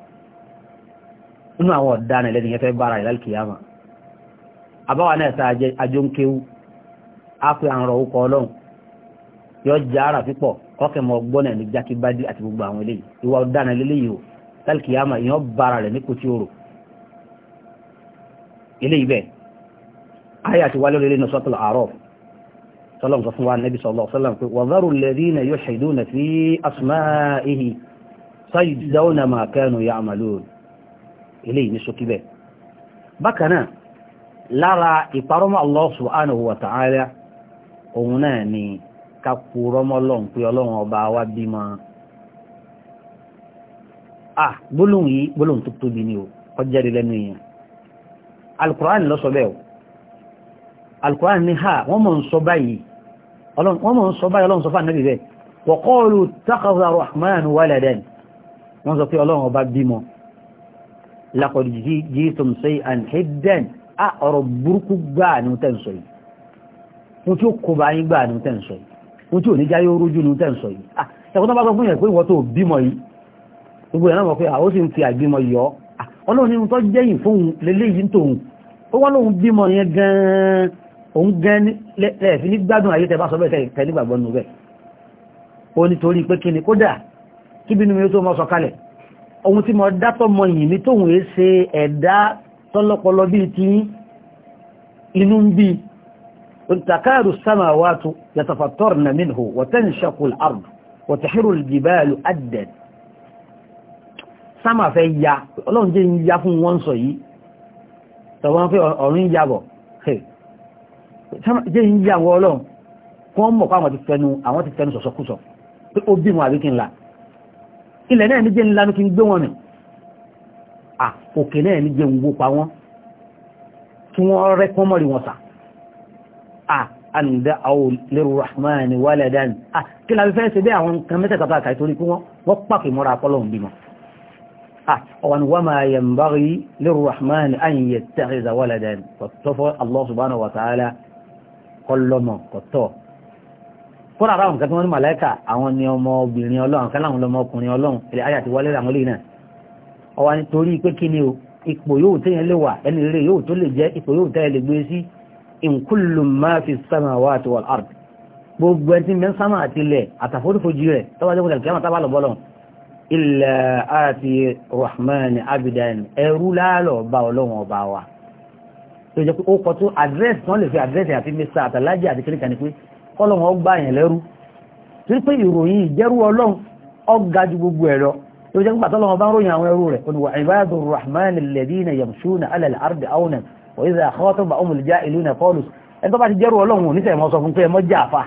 inú àwọn ọ̀dáná ilẹ̀ nìyẹn fẹ́ bára ìlà kìyàmà àbáwà náà sá ajó ń kéwú á pé àrùn ọkọ̀ ọlọ́run yọ jẹ́ ara pípọ̀ ọkẹ̀ máa gbọ́nà ní jákèbádé àti gbogbo àwọn eléyìí ìwà ọ̀dáná lélẹ́yìí o tálkìyàmà ìyàn tọ́lọ̀ sọ fún wa nẹ́bí sọ̀lọ̀ sọ́lọ̀ pé wàzárù lẹ́rí na yóò ṣèdú na fi asùnmá ihi sáyìdáwọ́nà máa kẹ́nu ya àmàlò ilé ìní sókí bẹ́ẹ̀ bákan náà lára ìparọ́mọ́ Allah subhanahu wa ta'ala òun náà ni kakú rọ́mọ́lọ́n pé ọlọ́run ọba wa bímọ ah gbólóhùn yìí gbólóhùn tó tóbi ni o ọjẹ́rì lẹ́nu èèyàn alukur'an ló sọ bẹ́ẹ̀ o alukur'an ni ha wọ́n mọ̀ ń báyìí wọ́n mọ̀ ń sọ báyìí ọlọ́run sọ fáànà bíbẹ̀ wọ̀kọ́ọ̀lù takaza rahman waladan wọ́n sọ pé ọlọ́run ọba bímọ lakọ̀dì jíìtùm sí anhidden a ọ̀rọ̀ burúkú gbáà ní tẹ́ǹsọ̀ yìí wọ́n tí ó kó bá yín gbáà ní tẹ́ǹsọ̀ yìí wọ́n tí ò ní jáyé orójú ní tẹ́ǹsọ̀ yìí ah ẹ̀kọ́ tó ó wọ́n lóun bímọ yẹn gan-an òun gẹ́ni lẹ́ẹ̀fí ní gbádùn ayé tẹ bá sọ bẹ́ẹ̀ tẹ́lẹ̀ gbàgbọ́ nù bẹ́ẹ̀ o nítorí pé kí ni kódà kí bínú mi tó mọ́ sọ kalẹ̀ ohun tí mo dátọ́ mọ yìí ní tóhun è ṣe ẹ̀dá tọ́lọ́pọlọ bí ti inú ń bí takaru samawatu yatafattarna jẹ́ ń yà wọ ọlọ́run wọ́n mọ̀ pé àwọn ti fẹnu àwọn ti fẹnu sọ̀sọ̀kúsọ̀ pé ó bí wọn àbí kí n la ilẹ̀ náà ní jẹ́ ńlá ní kí n gbé wọn nì à òkè náà ní jẹ́ ń wó pa wọn kí wọ́n rẹ́ kọ́ mọ́rí wọn sà à àǹdà àwọn lirrahman waladan à kí la fi fẹ́ ọwọ́n wọ́n máa yẹ̀ ń bá rí lirrahman an yattakhidha waladan tọ́fọ́ Allah subhanahu kọlọmọ kọtọ kódà báwọn nǹkan tí wọ́n ní màláìkà àwọn ni ọmọ obìnrin ọlọ́run kan láwọn ọmọ ọkùnrin ọlọ́run ilẹ̀ ayé àti wọlé àwọn olóyìn náà ọwọ́ nítorí pé kí ni o ipò yóò téèyàn lè wà ẹni rere yóò tó lè jẹ́ ipò yóò tẹ́yẹ lè gbé sí in kullu ma fi samawati wal ard gbogbo ẹni tí sámà àti ilẹ̀ àtàforífojì rẹ̀ tọ́wọ́ jẹ́ kúrẹ̀ kíámà tábà lọ́bọ́ lọ́n ilẹ̀ àti tó jẹ́ pé ó kọ tó àdírẹ́sì tán lè fi àdírẹ́sì àti mr àtàlájì àti kíríkà ni pé kọ́lọ́hún ọgbà yẹn lẹ́rú torí pé ìròyìn ìjẹ́rú ọlọ́run ọ̀gá ju gbogbo ẹ̀ lọ tó jẹ́ pàtó lọ́wọ́ bá ń ròyìn àwọn ẹrú rẹ̀ olùwà ibadu rahman alladhina yamshuna ala al-ardi awnan wa idha khatabahum al-jahiluna qalu ẹni tó bá ti jẹ́rú ọlọ́run òní sẹ́yìn mọ́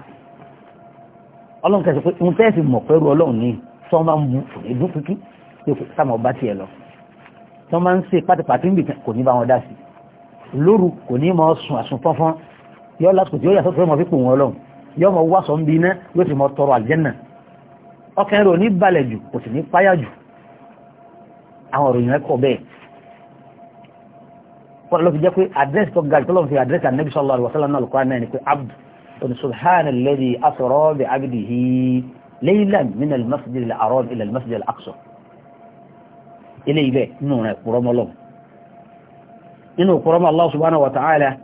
sọ lóru kò ní mọ́ sùn àsùn fọ́nfọ́n yọ lásìkò tí ó yàtọ̀ tó mọ̀ fípò wọn lọ́hùn yọ mọ̀ wá sọ̀nbi iná yóò sì mọ̀ tọrọ àlìjẹ́nà ọkàn rẹ̀ ò ní balẹ̀ jù kò sì ní páyà jù àwọn òròyìn rẹ̀ kọ̀ bẹ́ẹ̀ wọ́n lọ fi jẹ́ pé àdírẹ́sì tó ga ìtọ́lọ́mù fi àdírẹ́sì ànábì sallallahu alaihi wasallam lọ́kọ́ náà ni pé abd oní subhana alladhi asra bi abdihi laylan min al-masjid al-haram ila al-masjid al-aqsa ilé ibẹ̀ nù rẹ̀ kúrọ́mọ́lọ́mù nínú òkúrọ́mà Allah subhanahu wa ta'ala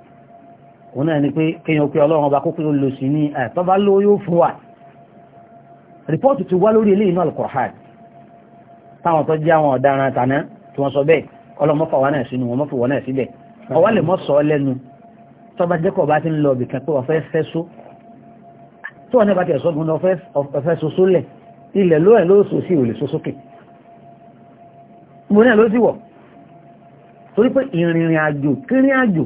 òun náà ni pé kíyàn pé ọlọ́run ọba kókò lò sí ní àtọ́bá ló yóò fún wa rìpọ́ọ̀tù ti wá lórí ilé inú al-Qur'an táwọn tó jẹ́ àwọn ọ̀daràn tàná tí wọ́n sọ bẹ́ẹ̀ ọlọ́mọ́fà wa náà sínú wọn mọ́fà wọn náà síbẹ̀ ọwọ́ lè mọ́ sọ lẹ́nu tọ́ba jẹ́kọ̀ bá ti ń lọ bìkan pé ọ̀fẹ́ fẹ́ só tí wọ́n ní bá torí pé ìrìnrìn àjò kírìn àjò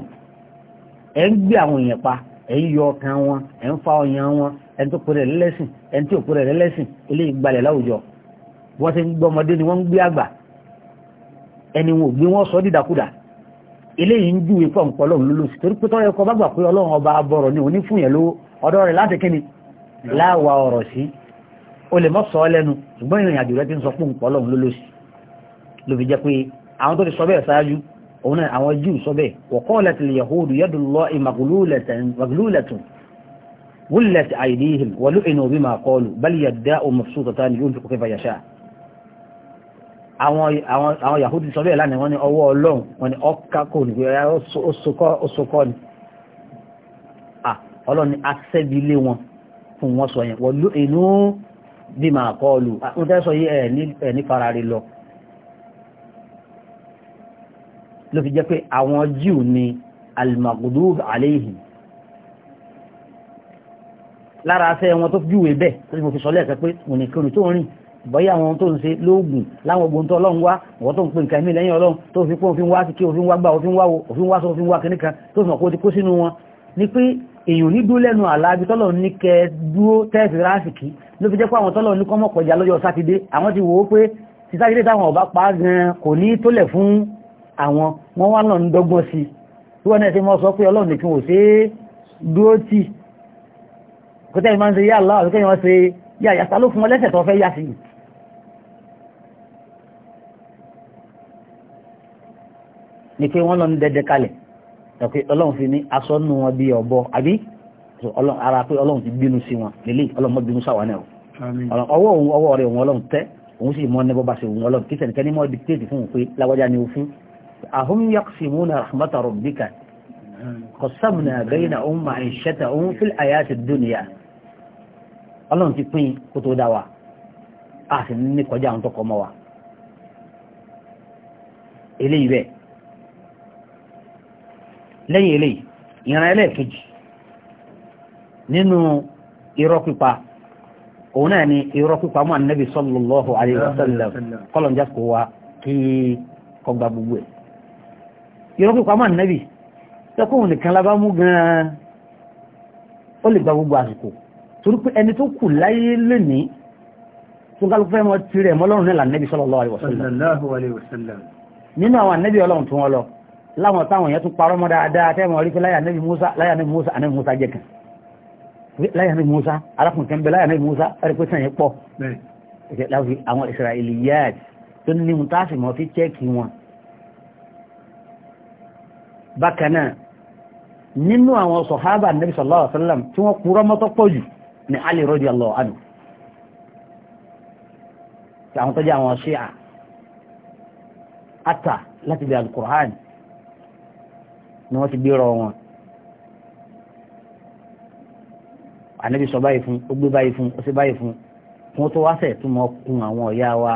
ẹ̀ ń gbé àwọn èèyàn pa ẹ̀ ń yọ ọkàn wọn ẹ̀ ń fa ọyàn wọn ẹ̀ ń tó pèrè lẹ́lẹ́sìn ẹ̀ ń tí ò pèrè lẹ́lẹ́sìn eléyìí gbalẹ̀ láwùjọ wọ́n ti ń gbọ́ ọmọdé ni wọ́n ń gbé àgbà ẹni wọn ò gbé wọn sọ dídàkudà eléyìí ń júwe fún ọ̀pọ̀ ọlọ́run lólósì torí pé tọ́yọ̀ kọ bá gbà pé ọlọ́run ọba abọ́rọ̀ ni òní fún yẹn lówó ọ̀dọ́ rẹ̀ láti kíni láwa ọ̀rọ̀ sí o lè mọ́ sọ ọ́ lẹ́nu ṣùgbọ́n ìrìn àjò rẹ ti ń sọ fún ọ̀pọ̀ ọlọ́run lólósì ló fi jẹ́ pé àwọn tó ti sọ bẹ́ẹ̀ ṣáájú òun náà àwọn Júù sọ bẹ́ẹ̀ wa qalat al-yahudu yadullahi maglulatan غلت أيديهم ولعنوا بما قالوا بل يداء مبسوطتان ينفق كيف يشاء àwọn àwọn àwọn yahudi sọ bẹ́ẹ̀ lánàá wọ́n ní ọwọ́ ọlọ́run wọ́n ní ọkà kò ní ọ̀yá oṣokọ́ ni ọlọ́run ni aṣẹ́bílé wọn fún wọn sọ yẹn wọ́n ló inú bí màá kọ́ ọlù wọ́n tẹ́ sọ yí ẹ̀ ní fara rí lọ ló fi jẹ́ pé àwọn jíù ni al-maghdub alayhim lára afẹ́ wọn tó júwe bẹ́ẹ̀ tó ti mo fi sọ lẹ́ẹ̀kẹ́ pé ònìkìrì tó rìn bọ́yá àwọn tó ń ṣe lóògùn láwọn ogun tó ọlọ́run wá wọ́n tó ń pè nǹkan ẹ̀mí lẹ́yìn ọlọ́run tó fi pọ́n òfin wá sí kí òfin wá gbà òfin wá wo òfin wá sọ òfin wá kìnníkan tó fi mọ̀ kó ti kó sínú wọn ni pé èèyàn ní dúró lẹ́nu àlàájú tọ́lọ́run ní kẹ dúró tẹ́ẹ̀sì ráàsìkì ló fi jẹ́ pé àwọn tọ́lọ́run ní kọ́mọ̀kọ̀jà lọ́jọ́ sátidé àwọn ti wò ó pé ti sátidé táwọn ọba pa gan kò ní tólẹ̀ fún àwọn wọ́n wá náà ń dọ́gbọ́n sí tí wọ́n náà ti mọ́ sọ pé ọlọ́run nìkan ò ṣe é dúró tì kó tẹ́lẹ̀ máa ń ṣe yá aláwọ̀ àti kẹ́yìn wọ́n ṣe yá yàtà ló fún wọn lẹ́sẹ̀ tó fẹ́ yá sí i ni pé wọ́n lọ ń dẹ́dẹ́ kalẹ̀ pé ọlọ́run fi ní aṣọ nù wọn bí ọ̀bọ àbí ara pé ọlọ́run ti bínú sí wọn lélẹ̀ ọlọ́run mọ́ bínú sáwọn náà ọwọ́ òun ọwọ́ rẹ̀ òun ọlọ́run tẹ́ òun sì mọ́ ní bọ́ bá ṣe òun ọlọ́run kí sẹ̀nìkẹ́ ní mọ́ dictate fún òun pé lágbájá ni ó fún أهم يقسمون رحمة ربك قسمنا بينهم معيشتهم في الحياة الدنيا ọlọ́run ti pín kó tó dá wa a sì ní kọjá àwọn tọkọ mọ́ wa eléyìí bẹ́ẹ̀ lẹ́yìn eléyìí ìran ẹlẹ́ẹ̀kejì nínú irọ́ pípa òun náà ni irọ́ pípa mọ́ ànábì sallallahu alaihi wasallam kọ́lọ̀ ń jásùkò wa kí kọgbà gbogbo ẹ̀ yọ̀rọ̀ pípa máa nẹ́bì tẹ́kùn nìkan lábá mú gan-an ó lè gba gbogbo àsìkò torí pé ẹni tó kù láyé lónìí tó kálukú fẹ́ mọ́ tirẹ̀ mọ́lọ́run náà lànẹ́bì sallallahu alaihi wasallam nínú àwọn ànẹ́bì ọlọ́run tó wọn lọ láwọn táwọn èèyàn tún parọ́ mọ́ dáadáa tẹ́mọ̀ rí pé láyà nẹ́bì Musa láyà nẹ́bì Musa ànẹ́bì Musa jẹ́ kan láyà nẹ́bì Musa alákùnkẹ́ ń bẹ láyà nẹ́bì bákanáà nínú àwọn sọ̀hábà nàbí sallallahu alaihi wasallam tí wọ́n kúrọ mọ́tọ́ pọ̀ jù ní Ali radiyallahu anhu tí àwọn tọ́jú àwọn ṣíà ata láti bí alukur'an ni wọ́n ti gbérọ wọn ànábì sọ báyìí fún ó gbé báyìí fún ó sì báyìí fún kí wọ́n tó wá tó mọ kun àwọn ọ̀yá wa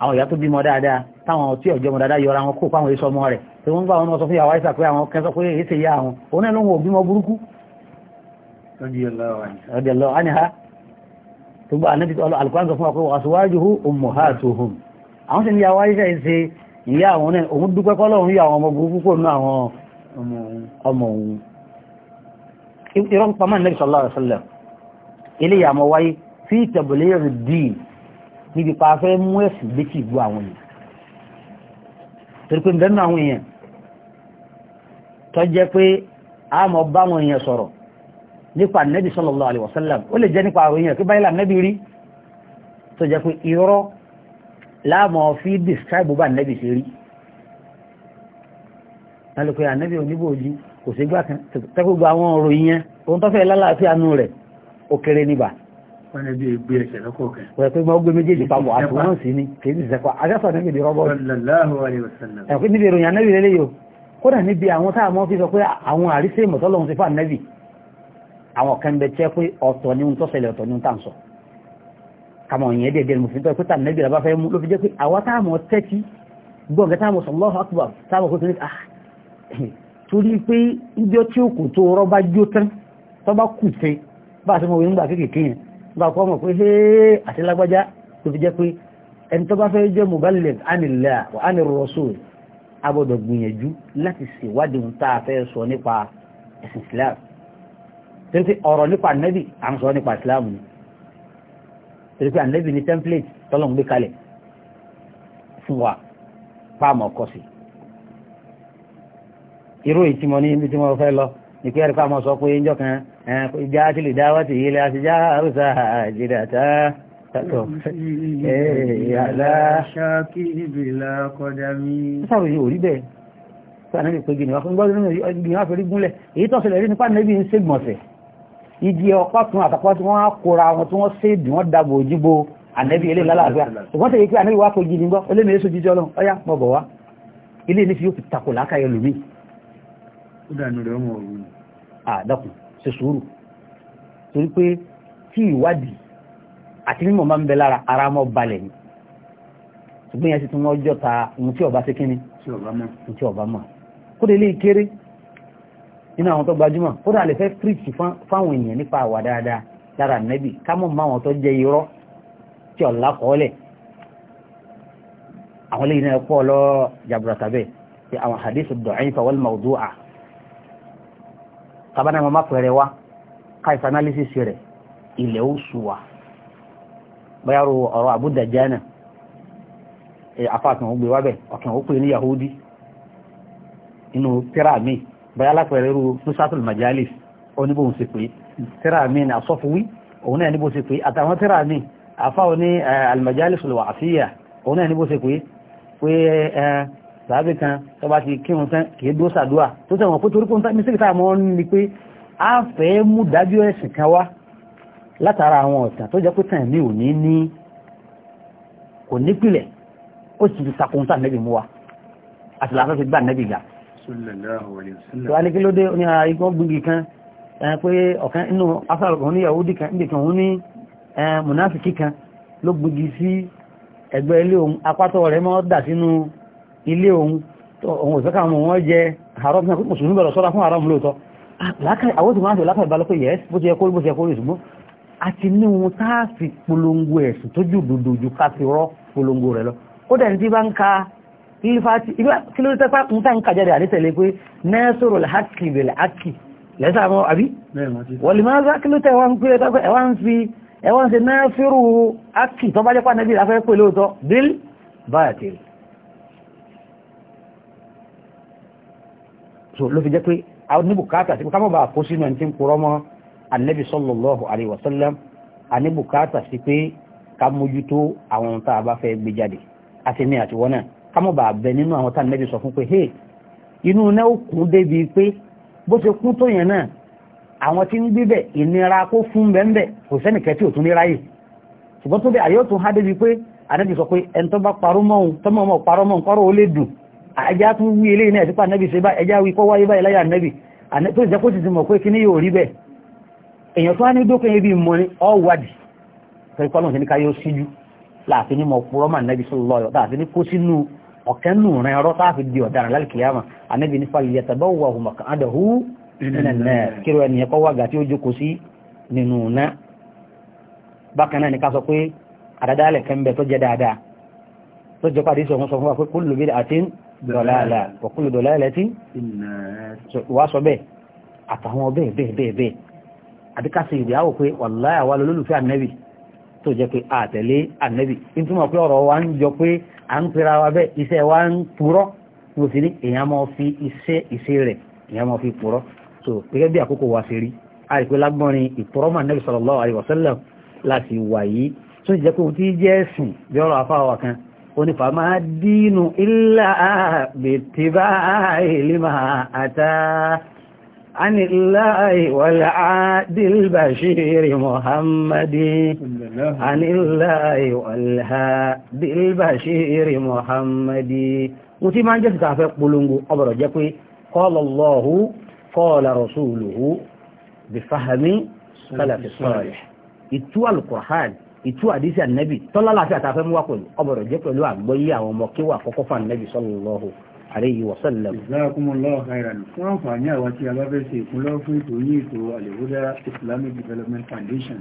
àwọn ọ̀yá tó bímọ dáadáa táwọn tí ọ̀jọ́ mọ dáadáa yọra wọn kó fáwọn èso rẹ̀ tí wọ́n gbà wọn sọ fún yàwá ìsà pé àwọn kẹsọ pé èyí tèyà àwọn òun náà ló ń wò bímọ burúkú radiyallahu anha tó gbà anábì tó alùkọ́rán sọ fún wa pé azwajuhu ummahatuhum àwọn sì ní yàwá ìsà ìṣe ìyá àwọn náà òun dúpẹ́ kọ́ lọ́run yà àwọn ọmọ burúkú kò nú àwọn ọmọ òun ìrọ́ pamọ́ anábì tó jẹ́ pé a mọ̀ bá wọn èèyàn sọ̀rọ̀ nípa nẹ́bí sallallahu alaihi wasallam ó lè jẹ́ nípa àwọn èèyàn pé báyìí nẹ́bí rí tó jẹ́ pé irọ́ láàmọ̀ fi describe bá nẹ́bí ṣe rí lálùkọ́ ànẹ́bí oníbò ojú kò sí gbà kan tẹ́kùgbà àwọn ọ̀rọ̀ ìyẹn ohun tó lálàáfíà nù rẹ̀ ó kéré níbà wọ́n pẹ́ gbọ́ gbé méjèèjì papọ̀ àtúwọ́n sí ni kì í sì sẹ́kọ̀ agásọ̀ níbi ẹ̀kú níbi ìròyìn anábìrẹ́lẹ́ yóò kódà níbi àwọn táà mọ́ fi sọ pé àwọn àrísẹ́ ìmọ̀tọ́lọ́hun ti fà nẹ́bì àwọn kan bẹ jẹ́ pé ọ̀tọ̀ ní ohun tó ṣẹlẹ̀ ọ̀tọ̀ ní ohun tá à ń sọ kàmọ̀ ìyẹn dẹ̀dẹ̀ mo fi tọ́ pé tàbí nẹ́bì làbá fẹ́ mú ló fi jẹ́ pé àwa táà mọ́ tẹ́tí gbọ́n kẹ́ táà mọ́ sọ̀lọ́hù akbar táà mọ́ kó torí a gbọ́dọ̀ gbìyànjú láti ṣèwádìí ohun tá a fẹ́ sọ nípa ẹ̀sìn islam torí ọ̀rọ̀ nípa nẹ́bì à ń sọ nípa islam ni torí pé ànẹ́bì ni template tọ́lọ̀ ń gbé kalẹ̀ fún wa páàmù ọkọ̀ sí irú ìtí mo ní ibi tí mo fẹ́ lọ ní pé ẹ̀rí páàmù sọ pé ìjọ kan ìjà tí lè dá wá sí ilé àtijọ́ àrùsà àjìdàtà tàtọ̀ ẹ̀ẹ́yàlá ṣáàkì ìbìlà kọjá mi. sáwọn yìí ò rí bẹ́ẹ̀ pé ànábì pé gìnìwá fún gbọ́dọ̀ nínú ìgbìyàn àfẹ́rí gúnlẹ̀ èyí tó ṣẹlẹ̀ rí nípa ànábì ń ṣègbọ̀nsẹ̀ igi ọ̀pá kan àtàpá tí wọ́n á kóra wọn tí wọ́n ṣèdì wọ́n dàbò òjìbo ànábì ilé lálàáfíà ṣùgbọ́n tẹ̀yẹ pé ànábì wá kó gidi gbọ́ olómi èso jíjẹ ọlọ́run ọyá mọ̀ bọ̀ wá ilé ní fi yóò fi takò lákàyẹ lómi. ó dànù rẹ̀ ọmọ òru. àdàkùn ṣe sùúrù torí pé tí ìwádìí àti mímọ̀ máa ń bẹ lára ara mọ́ balẹ̀ ni ṣùgbọ́n yẹn sì tún wọ́n jọta ohun tí ọba ṣe kíni ohun tí ọba mọ̀ kódé lè kéré nínú àwọn tó gbajúmọ̀ kódà lè fẹ́ píríkì fáwọn èèyàn nípa àwà dáadáa lára nẹ́bì kámọ̀ mọ́ àwọn tó jẹ irọ́ tí ọ̀la kọ́ọ́lẹ̀ àwọn lè náà pọ̀ lọ jaburata bẹ́ẹ̀ pé àwọn hadithu ad-da'ifa wal mawdu'a tabana mọ́ má pẹ̀rẹ̀ wa káìsánálísìsì rẹ̀ ilẹ̀ ó sùwà bayaro ọ̀rọ̀ àbúdà jana afáàkàn ògbé wábẹ̀ ọ̀kàn òpè ní yahudi inú tíra mi bayá lápẹẹrẹ rú nusatul majalis oníbòhùn sí pé tíra mi ní asọ́fúwí òun náà níbo sí pé àtàwọn tíra mi afáwọn almajalis lọ àfíyà òun náà níbo sí pé pé sàábì kan tó bá ti kírun tán kì í dó sàdúà tó tẹ̀wọ̀n pé torí pé mi sí ìta àmọ́ ní pé a fẹ́ mú dájú ẹ̀sìn kan wá látara àwọn ọ̀sán tó jẹ́ pé tàn mí ò ní ní kò nípìlẹ̀ ó sì ti sakun tá nẹ́bì mú wa àti làásán ti gbà nẹ́bì ga tó alẹ́ kí ló dé ní ah, igbó gbígi kan pé ọ̀kan inú afárọ̀kọ̀ ní yahudi kan níbi kan òun ní mùnáfìkì kan ló gbígi sí ẹgbẹ́ ilé òun apátọ́ rẹ̀ mọ́ dà sínú ilé òun òun òfẹ́ káwọn wọn jẹ haram náà mùsùlùmí bẹ̀rẹ̀ sọ́ra fún haram lóòótọ́ ah, àwọn tí wọ́n á sọ àti ní wọn tá a fi polongo ẹ̀sùn tójú òdodo ju ká fi rọ́ polongo rẹ̀ lọ ó dẹ̀ ní tí bá ń ka kí ló tẹ́pá ń tà ń kà jáde àdísẹ̀lé pé nẹ́sọ̀rọ̀ làákì bẹ̀lẹ̀ àkì lẹ́sà mọ́ àbí wọ̀lì máa sá kí ló tẹ́ wá ń pé ẹ wá ń fi ẹ wá ń ṣe nẹ́sọ̀rọ̀ àkì tó bá jẹ́ pàdé bí ìlàfẹ́ pé lóòótọ́ bíl báyà tèèrè so ló fi jẹ́ pé àwọn níbùkátà tí kámọ́ bá kó sínú ẹni tí ń purọ́ mọ́ anabi sallallahu alayhi wa sallam a ní bùkátà sí pé ká mójútó àwọn ohun tá a bá fẹ́ gbé jáde àti ní àtiwọ́ náà ká mọ̀ bá bẹ nínú àwọn tá anabi sọ fún pé hey inú náà ó kún débi pé bó ṣe kún tó yẹn náà àwọn tí ń gbíbẹ̀ ìnira kó fún bẹ́ẹ̀ kò sẹ́nìkẹ́ tí ò tún ní ráyè ṣùgbọ́n tó bẹ àyè ó tún há débi pé anabi sọ pé ẹni tó bá parọ́ mọ́ òun tọ́mọ́ ọmọ parọ́ mọ́ òun kọ́rọ̀ ó lè dùn ẹjá tún wí eléyìí náà ẹ̀sìpá èèyàn tó wá ní dókè ibi mọ́ ní ọwàdì pẹ̀lúkọ́lùn sí ní káyọ́ síjú láàfin ní mọ̀kúrọ́ mà nẹ́bí sọ́lọ́ ọ̀yọ́ tààfin ní kó sínú ọ̀kẹ́nù rẹ̀ ọ̀rọ̀ tààfin di ọ̀daràn lálkìyàmà anẹ́bí ní falẹ̀ yẹtàbọ̀ wà hùmà àdàhù kírò ẹnìyàn kọ́ wàgà tí ó jókòó sí nínú náà ni ká sọ pé àdádálẹ̀ kan bẹ tó jẹ́ dáadáa tó jẹ́ pàdé sọ̀rọ̀ sọ fún wa pé kúlù bí àti dọ̀láàlà ọ̀kúlù dọ̀láàlà tí àti káṣe ìdíyàwó pé wàláyà wà lólùfẹ́ ànẹ́bì tó jẹ́ pé àtẹ̀lé ànẹ́bì nítumọ̀ pé ọ̀rọ̀ wa ń jọ pé à ń pera wa bẹ́ẹ̀ iṣẹ́ wa ń purọ́ mo sì ní èèyàn máa fi iṣẹ́ ìṣe rẹ̀ èèyàn máa fi purọ́ so gẹ́gẹ́ bí àkókò wa ṣe rí a rí pé lágbọ́nrin ìpọ́rọ́mà ànẹ́bì sallallahu alaihi wasallam láti wà yìí tó jẹ́ pé ohun tí jẹ́ ẹ̀sìn bí ọ̀rọ̀ afáwa kan onífà máa dínú ilá bètè báyìí lè máa عن الله والعاد البشير محمد عن الله والهاد البشير محمد وتي ما جس كافي قلونغو ابرو جكوي قال الله قال رسوله بفهم سلف الصالح itu alquran itu hadisi annabi sallallahu alaihi wasallam wa ko oboro je pẹ̀lú àgbọ́yé àwọn mo ki wa koko fa annabi sallallahu alaihi alayhi wa sallam. jazakumullahu khairan fún àǹfààní àwa tí a bá fẹ́ ṣe ìkúnlọ́ fún ètò yín ètò Al-Huda Islamic Development Foundation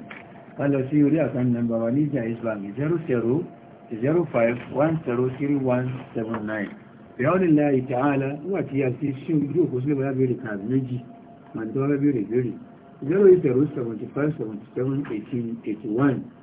ká lọ sí orí àkànní nọ́mbà wa ní ìjà Islam zero zero zero five one zero three one seven nine. bẹ̀rẹ̀ nílá ìtàhálà nígbà tí a ti ṣí ojú òkú sílẹ̀ bá béèrè kàbí méjì màdúrà béèrè béèrè zero eight zero seventy five seventy seven eighteen eighty one.